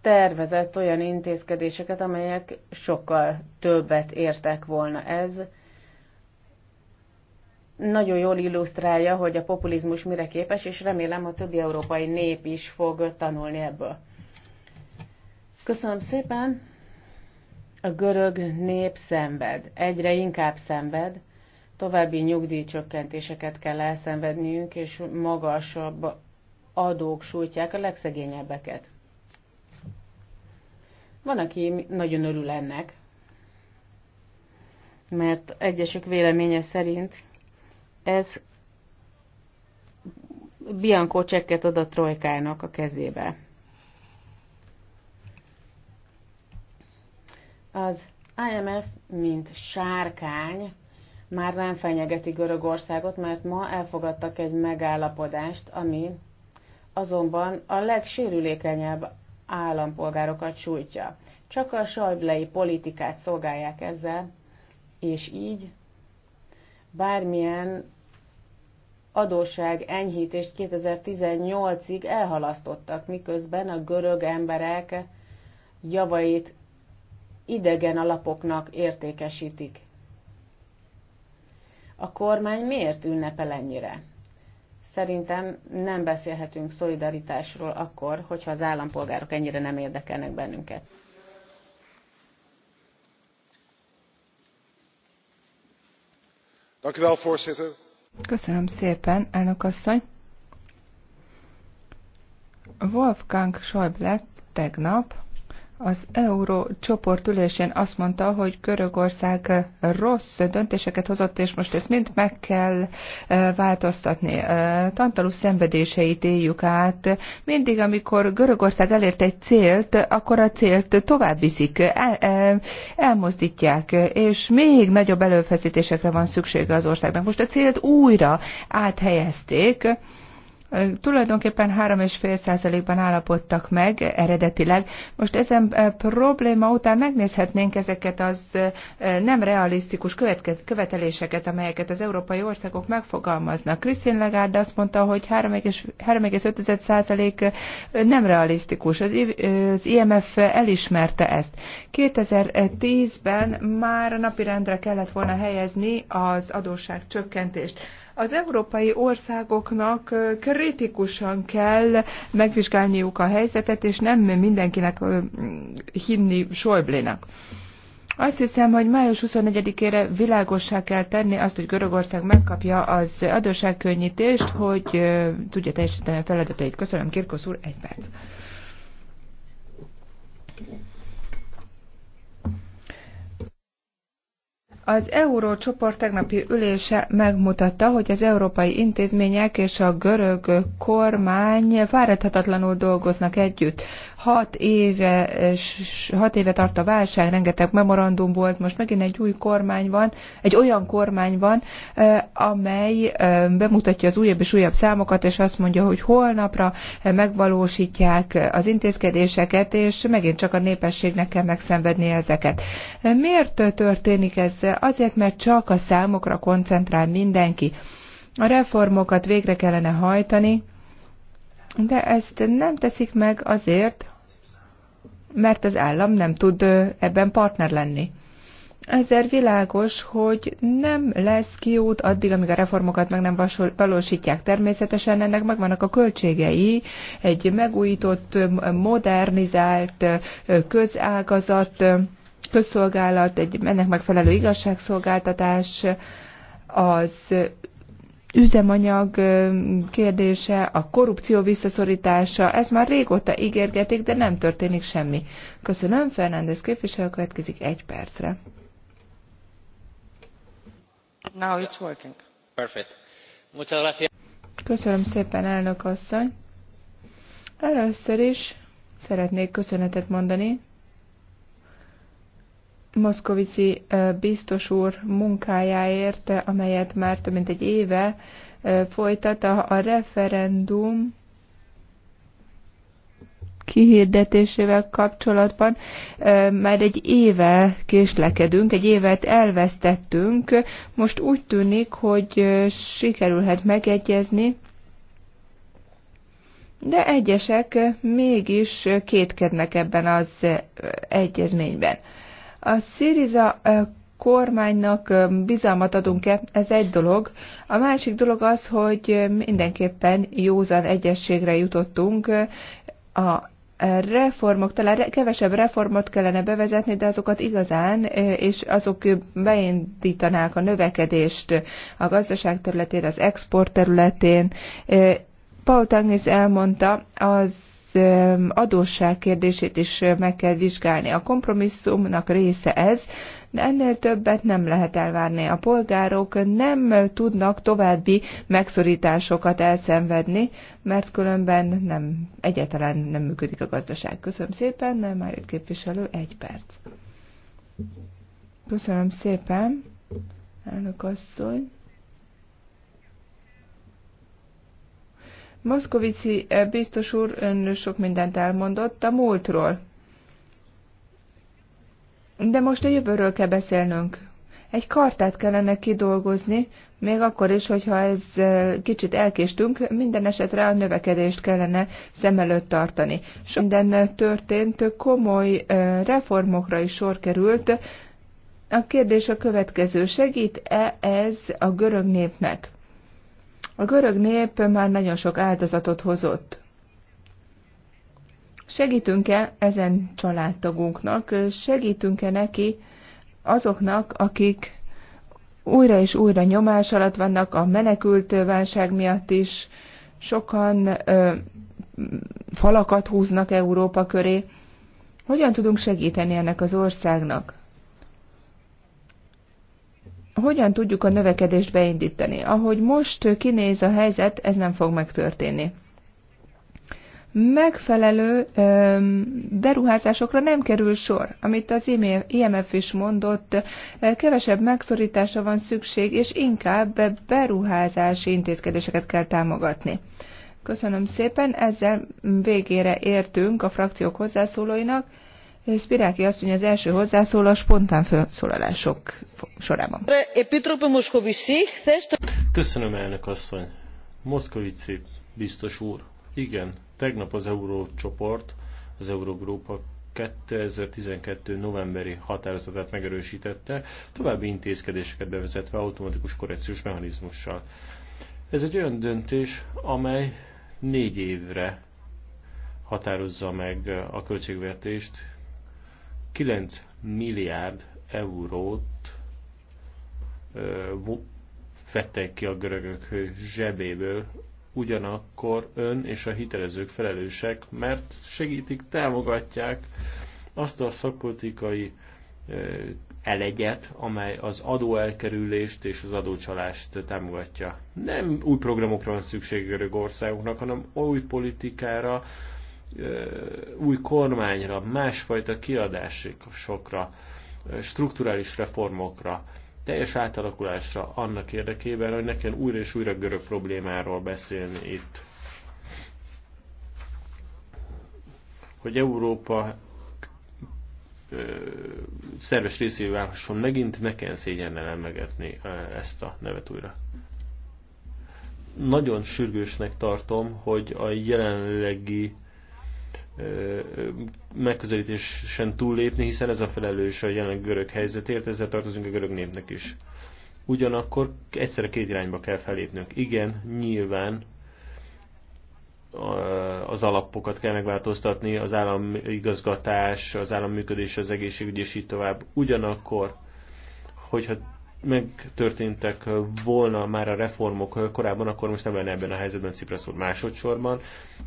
tervezett olyan intézkedéseket, amelyek sokkal többet értek volna. Ez nagyon jól illusztrálja, hogy a populizmus mire képes, és remélem a többi európai nép is fog tanulni ebből. Köszönöm szépen. A görög nép szenved, egyre inkább szenved. További nyugdíjcsökkentéseket kell elszenvedniünk, és magasabb adók sújtják a legszegényebbeket. Van, aki nagyon örül ennek, mert egyesek véleménye szerint ez Bianco csekket ad a trojkának a kezébe. Az IMF, mint sárkány, már nem fenyegeti Görögországot, mert ma elfogadtak egy megállapodást, ami azonban a legsérülékenyebb állampolgárokat sújtja. Csak a sajblei politikát szolgálják ezzel, és így bármilyen adósság enyhítést 2018-ig elhalasztottak, miközben a görög emberek javait idegen alapoknak értékesítik. A kormány miért ünnepel ennyire? Szerintem nem beszélhetünk szolidaritásról akkor, hogyha az állampolgárok ennyire nem érdekelnek bennünket. Köszönöm szépen, elnök asszony. Wolfgang Schäuble tegnap az euró csoport ülésén azt mondta, hogy Görögország rossz döntéseket hozott, és most ezt mind meg kell e, változtatni. E, Tantalú szenvedéseit éljük át. Mindig, amikor Görögország elért egy célt, akkor a célt tovább viszik, e, elmozdítják, és még nagyobb előfeszítésekre van szüksége az országnak. Most a célt újra áthelyezték, tulajdonképpen 3,5%-ban állapodtak meg eredetileg. Most ezen e, probléma után megnézhetnénk ezeket az e, nem realisztikus követeléseket, amelyeket az európai országok megfogalmaznak. Krisztin Legárd azt mondta, hogy 3,5% e, nem realisztikus. Az IMF elismerte ezt. 2010-ben már napirendre kellett volna helyezni az adósság csökkentést. Az európai országoknak kritikusan kell megvizsgálniuk a helyzetet, és nem mindenkinek hinni Schäublénak. Azt hiszem, hogy május 24-ére világossá kell tenni azt, hogy Görögország megkapja az adósságkönnyítést, hogy tudja teljesíteni a feladatait. Köszönöm, Kirkosz úr, egy perc. Az Eurócsoport tegnapi ülése megmutatta, hogy az európai intézmények és a görög kormány fáradhatatlanul dolgoznak együtt hat éve, hat éve tart a válság, rengeteg memorandum volt, most megint egy új kormány van, egy olyan kormány van, amely bemutatja az újabb és újabb számokat, és azt mondja, hogy holnapra megvalósítják az intézkedéseket, és megint csak a népességnek kell megszenvedni ezeket. Miért történik ez? Azért, mert csak a számokra koncentrál mindenki. A reformokat végre kellene hajtani, de ezt nem teszik meg azért, mert az állam nem tud ebben partner lenni. Ezért világos, hogy nem lesz kiút addig, amíg a reformokat meg nem valósítják. Természetesen ennek megvannak a költségei. Egy megújított, modernizált közágazat, közszolgálat, egy ennek megfelelő igazságszolgáltatás, az üzemanyag kérdése, a korrupció visszaszorítása, ez már régóta ígérgetik, de nem történik semmi. Köszönöm, Fernández képviselő, következik egy percre. Now it's working. Perfect. Muchas gracias. Köszönöm szépen, elnök asszony. Először is szeretnék köszönetet mondani Moszkovici biztos úr munkájáért, amelyet már több mint egy éve folytat. A, a referendum kihirdetésével kapcsolatban már egy éve késlekedünk, egy évet elvesztettünk. Most úgy tűnik, hogy sikerülhet megegyezni, de egyesek mégis kétkednek ebben az egyezményben. A Syriza kormánynak bizalmat adunk-e, ez egy dolog. A másik dolog az, hogy mindenképpen józan egyességre jutottunk. A reformok, talán kevesebb reformot kellene bevezetni, de azokat igazán, és azok beindítanák a növekedést a gazdaság területén, az export területén. Paul Tangis elmondta, az adósság kérdését is meg kell vizsgálni. A kompromisszumnak része ez, de ennél többet nem lehet elvárni. A polgárok nem tudnak további megszorításokat elszenvedni, mert különben nem, egyáltalán nem működik a gazdaság. Köszönöm szépen, már itt képviselő, egy perc. Köszönöm szépen, elnök asszony. Moszkovici eh, biztos úr ön sok mindent elmondott a múltról. De most a jövőről kell beszélnünk. Egy kartát kellene kidolgozni, még akkor is, hogyha ez eh, kicsit elkéstünk, minden esetre a növekedést kellene szem előtt tartani. Sok minden történt, komoly eh, reformokra is sor került. A kérdés a következő, segít-e ez a görög népnek? A görög nép már nagyon sok áldozatot hozott. Segítünk-e ezen családtagunknak, segítünk-e neki azoknak, akik újra és újra nyomás alatt vannak, a menekült válság miatt is, sokan ö, falakat húznak Európa köré. Hogyan tudunk segíteni ennek az országnak? hogyan tudjuk a növekedést beindítani. Ahogy most kinéz a helyzet, ez nem fog megtörténni. Megfelelő beruházásokra nem kerül sor, amit az IMF is mondott, kevesebb megszorításra van szükség, és inkább beruházási intézkedéseket kell támogatni. Köszönöm szépen, ezzel végére értünk a frakciók hozzászólóinak. Spiráki mondja, az első hozzászól a spontán felszólalások sorában. Köszönöm, elnök asszony. Moszkovici biztos úr. Igen, tegnap az Eurócsoport, az Eurogrópa 2012. novemberi határozatát megerősítette, további intézkedéseket bevezetve automatikus korrekciós mechanizmussal. Ez egy olyan döntés, amely négy évre határozza meg a költségvetést 9 milliárd eurót vettek ki a görögök zsebéből, ugyanakkor ön és a hitelezők felelősek, mert segítik, támogatják azt a szakpolitikai elegyet, amely az adóelkerülést és az adócsalást támogatja. Nem új programokra van szükség Görögországoknak, hanem új politikára, új kormányra, másfajta kiadásokra, strukturális reformokra, teljes átalakulásra annak érdekében, hogy nekem újra és újra görög problémáról beszélni itt. Hogy Európa szerves részévé válhasson megint, ne kell szégyennel emlegetni ezt a nevet újra. Nagyon sürgősnek tartom, hogy a jelenlegi megközelítésen túllépni, hiszen ez a felelős a jelenleg görög helyzetért, ezzel tartozunk a görög népnek is. Ugyanakkor egyszerre két irányba kell felépnünk. Igen, nyilván az alapokat kell megváltoztatni, az állam igazgatás, az állam az egészségügy és így tovább. Ugyanakkor, hogyha megtörténtek volna már a reformok korábban, akkor most nem lenne ebben a helyzetben Ciprasz úr másodszorban.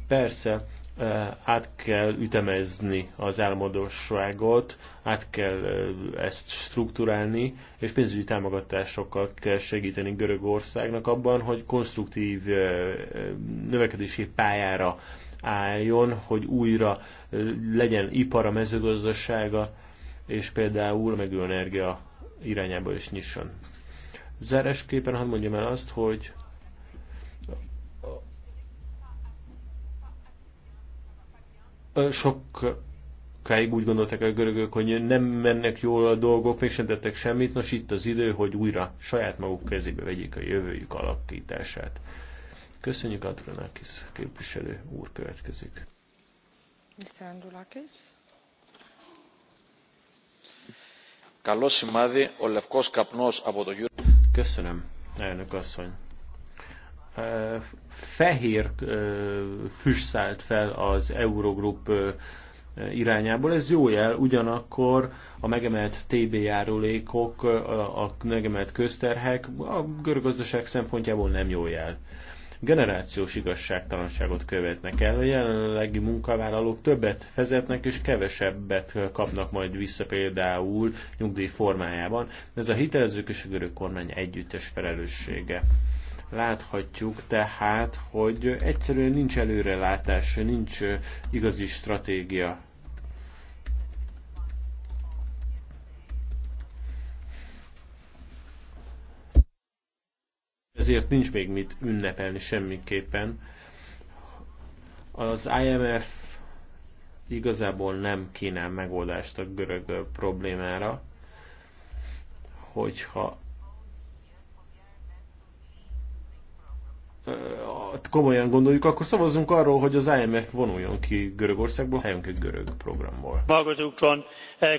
Persze Eh, át kell ütemezni az álmodosságot, át kell eh, ezt strukturálni, és pénzügyi támogatásokkal kell segíteni Görögországnak abban, hogy konstruktív eh, növekedési pályára álljon, hogy újra legyen ipar a mezőgazdasága, és például megőenergia irányába is nyisson. Zárásképpen hadd mondjam el azt, hogy Sok sokáig úgy gondolták a görögök, hogy nem mennek jól a dolgok, mégsem tettek semmit, nos itt az idő, hogy újra saját maguk kezébe vegyék a jövőjük alakítását. Köszönjük Adronakis képviselő úr következik. Mr. Καλό σημάδι, ο λευκός καπνός από το Köszönöm, elnök asszony fehér füst fel az Eurogroup irányából. Ez jó jel, ugyanakkor a megemelt TB járulékok, a megemelt közterhek a görögazdaság szempontjából nem jó jel. Generációs igazságtalanságot követnek el. A jelenlegi munkavállalók többet fezetnek és kevesebbet kapnak majd vissza például nyugdíj formájában. Ez a hitelezők és a görög kormány együttes felelőssége. Láthatjuk tehát, hogy egyszerűen nincs előrelátás, nincs igazi stratégia. Ezért nincs még mit ünnepelni semmiképpen. Az IMF igazából nem kínál megoldást a görög problémára, hogyha komolyan gondoljuk, akkor szavazzunk arról, hogy az IMF vonuljon ki Görögországból, Helyünk egy görög programból. Eh,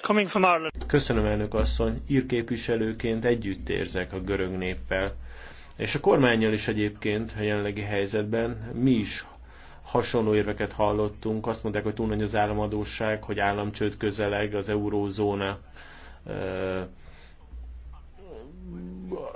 Köszönöm, elnök asszony. írképviselőként együtt érzek a görög néppel. És a kormányjal is egyébként a jelenlegi helyzetben mi is hasonló érveket hallottunk. Azt mondták, hogy túl nagy az államadóság, hogy államcsőd közeleg, az eurózóna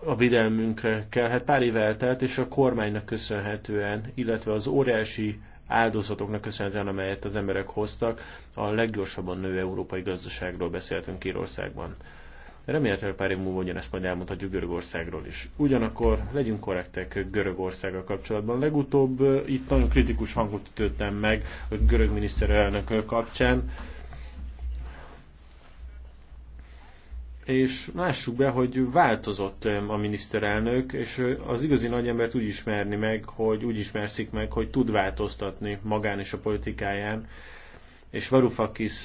a védelmünkre kell. Hát pár év eltelt, és a kormánynak köszönhetően, illetve az óriási áldozatoknak köszönhetően, amelyet az emberek hoztak, a leggyorsabban nő európai gazdaságról beszéltünk Írországban. Remélhetőleg pár év múlva ugyanezt majd elmondhatjuk Görögországról is. Ugyanakkor legyünk korrektek Görögországgal kapcsolatban. Legutóbb eh, itt nagyon kritikus hangot ütöttem meg a görög miniszterelnök kapcsán. és lássuk be, hogy változott a miniszterelnök, és az igazi nagyembert úgy ismerni meg, hogy úgy ismerszik meg, hogy tud változtatni magán és a politikáján, és Varoufakis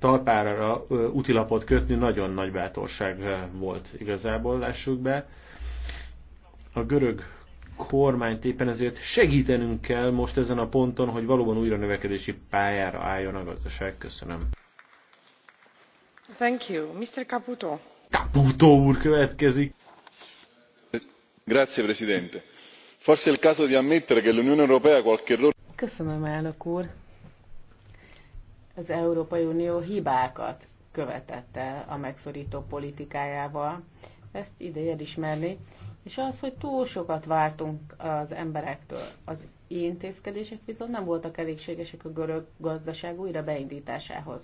talpára utilapot kötni nagyon nagy bátorság volt igazából, lássuk be. A görög kormányt éppen ezért segítenünk kell most ezen a ponton, hogy valóban újra növekedési pályára álljon a gazdaság. Köszönöm. Thank úr Forse è il caso di ammettere che l'Unione Europea qualche errore... Köszönöm, elnök úr. Az Európai Unió hibákat követett el a megszorító politikájával. Ezt ideje elismerni. És az, hogy túl sokat vártunk az emberektől. Az intézkedések viszont nem voltak elégségesek a görög gazdaság újra beindításához.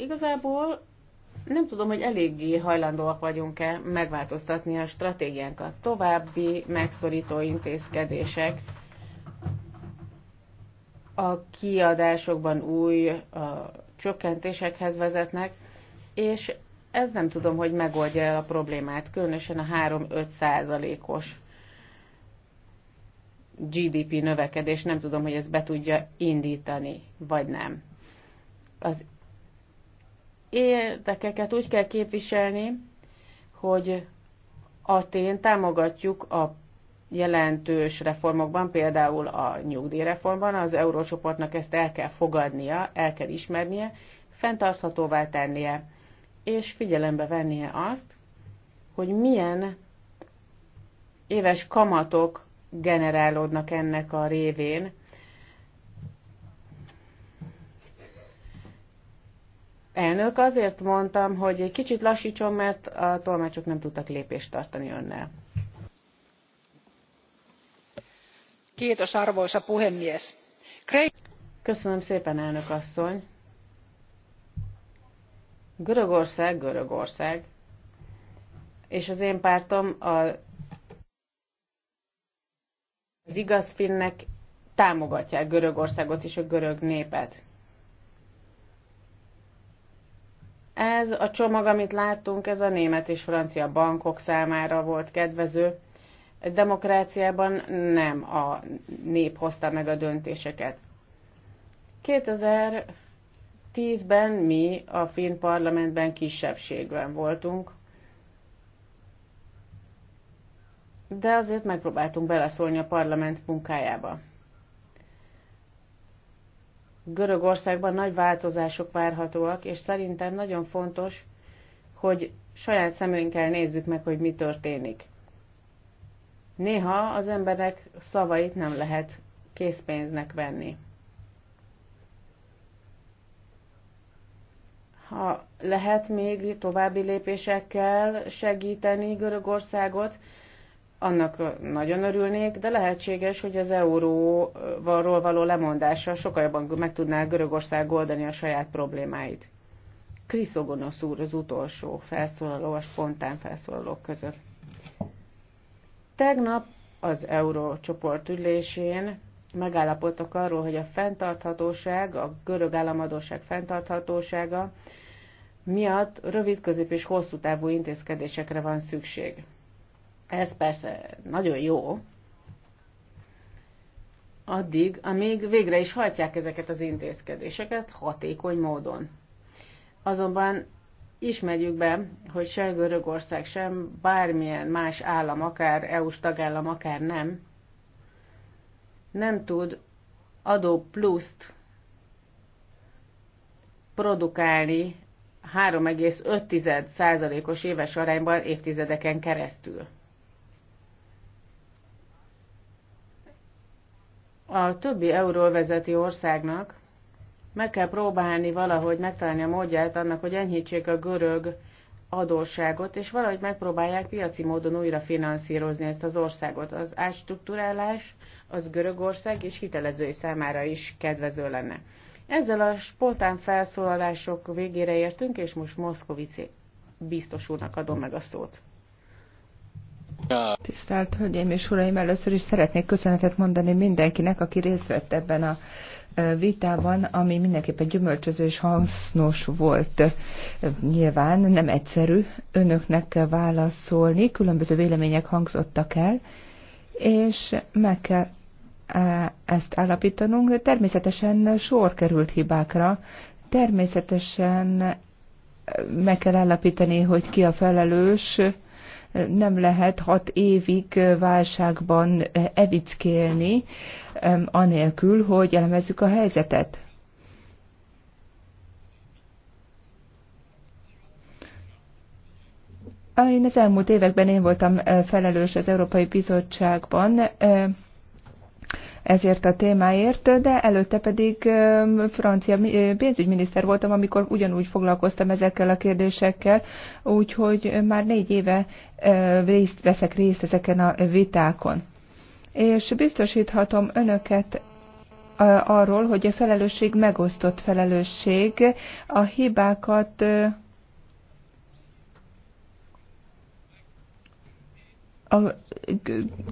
Igazából nem tudom, hogy eléggé hajlandóak vagyunk-e megváltoztatni a stratégiánkat. További megszorító intézkedések a kiadásokban új a csökkentésekhez vezetnek, és ez nem tudom, hogy megoldja el a problémát, különösen a 3-5 százalékos GDP növekedés, nem tudom, hogy ez be tudja indítani, vagy nem. Az érdekeket úgy kell képviselni, hogy tén támogatjuk a jelentős reformokban, például a nyugdíjreformban, az eurócsoportnak ezt el kell fogadnia, el kell ismernie, fenntarthatóvá tennie, és figyelembe vennie azt, hogy milyen éves kamatok generálódnak ennek a révén Elnök, azért mondtam, hogy egy kicsit lassítson, mert a tolmácsok nem tudtak lépést tartani önnel. Kiitos, arvoisa puhemies. Köszönöm szépen, elnök asszony. Görögország, Görögország. És az én pártom a, az igaz finnek támogatják Görögországot és a görög népet. Ez a csomag, amit láttunk, ez a német és francia bankok számára volt kedvező. A demokráciában nem a nép hozta meg a döntéseket. 2010-ben mi a finn parlamentben kisebbségben voltunk, de azért megpróbáltunk beleszólni a parlament munkájába. Görögországban nagy változások várhatóak, és szerintem nagyon fontos, hogy saját szemünkkel nézzük meg, hogy mi történik. Néha az emberek szavait nem lehet készpénznek venni. Ha lehet még további lépésekkel segíteni Görögországot, annak nagyon örülnék, de lehetséges, hogy az euróról való lemondása sokkal jobban meg tudná Görögország oldani a saját problémáit. Kriszogonosz úr az utolsó felszólaló, a spontán felszólalók között. Tegnap az eurócsoport ülésén megállapodtak arról, hogy a fenntarthatóság, a görög államadóság fenntarthatósága miatt rövid, közép és hosszú távú intézkedésekre van szükség. Ez persze nagyon jó, addig, amíg végre is hajtják ezeket az intézkedéseket hatékony módon. Azonban ismerjük be, hogy sem Görögország, sem bármilyen más állam, akár EU-s tagállam, akár nem, nem tud adó pluszt produkálni 3,5%-os éves arányban évtizedeken keresztül. A többi vezeti országnak meg kell próbálni valahogy megtalálni a módját annak, hogy enyhítsék a görög adósságot, és valahogy megpróbálják piaci módon újra finanszírozni ezt az országot. Az átstruktúrálás az Görögország és hitelezői számára is kedvező lenne. Ezzel a spontán felszólalások végére értünk, és most Moszkovici biztos úrnak adom meg a szót. Tisztelt Hölgyeim és Uraim, először is szeretnék köszönetet mondani mindenkinek, aki részt vett ebben a e, vitában, ami mindenképpen gyümölcsöző és hasznos volt. E, nyilván nem egyszerű önöknek kell válaszolni, különböző vélemények hangzottak el, és meg kell e, ezt állapítanunk, de természetesen sor került hibákra, természetesen meg kell állapítani, hogy ki a felelős, nem lehet hat évig válságban eh, evickélni, anélkül, hogy elemezzük a helyzetet. Én az elmúlt években én voltam eh, felelős az Európai Bizottságban, eh, ezért a témáért, de előtte pedig francia pénzügyminiszter voltam, amikor ugyanúgy foglalkoztam ezekkel a kérdésekkel, úgyhogy már négy éve részt veszek részt ezeken a vitákon. És biztosíthatom önöket arról, hogy a felelősség megosztott felelősség, a hibákat a,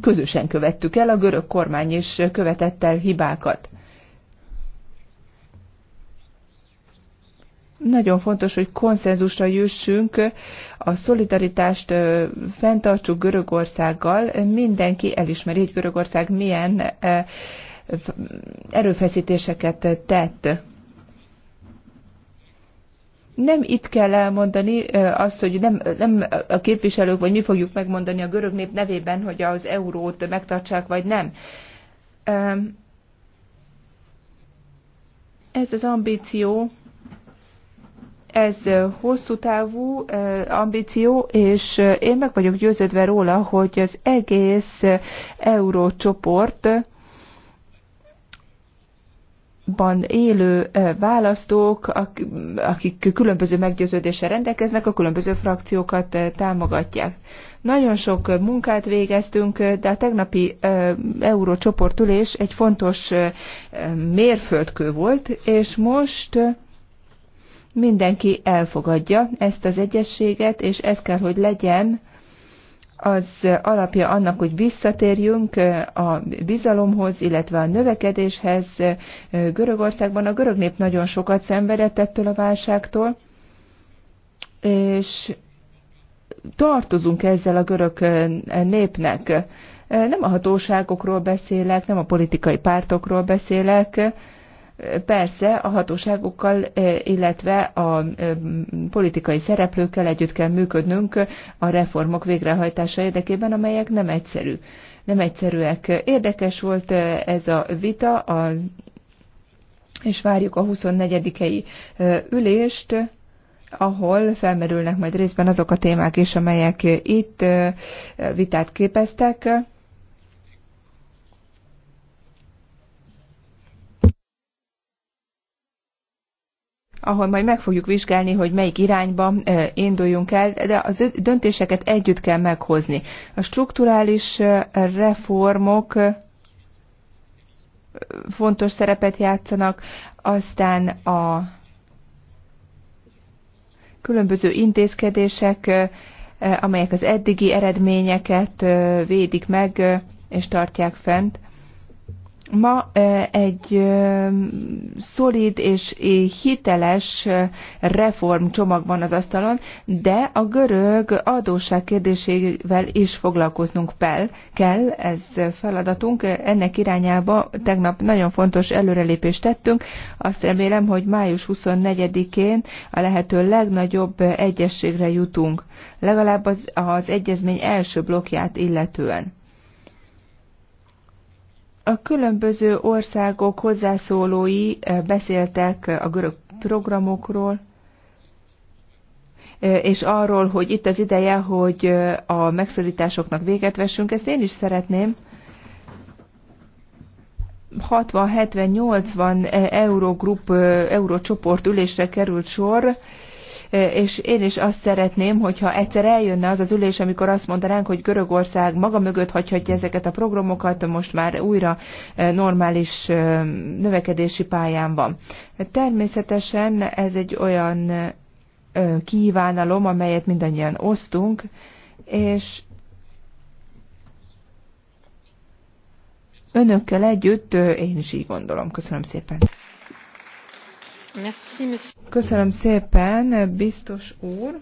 közösen követtük el, a görög kormány is követett el hibákat. Nagyon fontos, hogy konszenzusra jussunk, a szolidaritást fenntartsuk Görögországgal, mindenki elismeri, hogy Görögország milyen erőfeszítéseket tett nem itt kell elmondani azt, hogy nem, nem a képviselők, vagy mi fogjuk megmondani a görög nép nevében, hogy az eurót megtartsák, vagy nem. Ez az ambíció, ez hosszú távú ambíció, és én meg vagyok győződve róla, hogy az egész eurócsoport csoport ban élő választók, akik különböző meggyőződéssel rendelkeznek, a különböző frakciókat támogatják. Nagyon sok munkát végeztünk, de a tegnapi eurócsoportülés egy fontos mérföldkő volt, és most mindenki elfogadja ezt az egyességet, és ez kell, hogy legyen az alapja annak, hogy visszatérjünk a bizalomhoz, illetve a növekedéshez Görögországban. A görög nép nagyon sokat szenvedett ettől a válságtól, és tartozunk ezzel a görög népnek. Nem a hatóságokról beszélek, nem a politikai pártokról beszélek, Persze a hatóságokkal, e, illetve a e, politikai szereplőkkel együtt kell működnünk a reformok végrehajtása érdekében, amelyek nem egyszerű. Nem egyszerűek. Érdekes volt e, ez a vita, a, és várjuk a 24-i ülést, ahol felmerülnek majd részben azok a témák is, amelyek itt vitát képeztek. ahol majd meg fogjuk vizsgálni, hogy melyik irányba induljunk el, de az döntéseket együtt kell meghozni. A strukturális reformok fontos szerepet játszanak, aztán a különböző intézkedések, amelyek az eddigi eredményeket védik meg és tartják fent. Ma egy szolid és hiteles reform csomag van az asztalon, de a görög adósság kérdésével is foglalkoznunk pel, kell, ez feladatunk. Ennek irányába tegnap nagyon fontos előrelépést tettünk. Azt remélem, hogy május 24-én a lehető legnagyobb egyességre jutunk, legalább az, az egyezmény első blokját illetően a különböző országok hozzászólói eh, beszéltek eh, a görög programokról, eh, és arról, hogy itt az ideje, hogy a megszorításoknak véget vessünk. Ezt én is szeretném. 60-70-80 eurócsoport eurocsoport ülésre került sor, és én is azt szeretném, hogyha egyszer eljönne az az ülés, amikor azt mondanánk, hogy Görögország maga mögött hagyhatja ezeket a programokat, most már újra normális növekedési pályán van. Természetesen ez egy olyan kívánalom, amelyet mindannyian osztunk, és önökkel együtt én is így gondolom. Köszönöm szépen. Köszönöm szépen, biztos úr.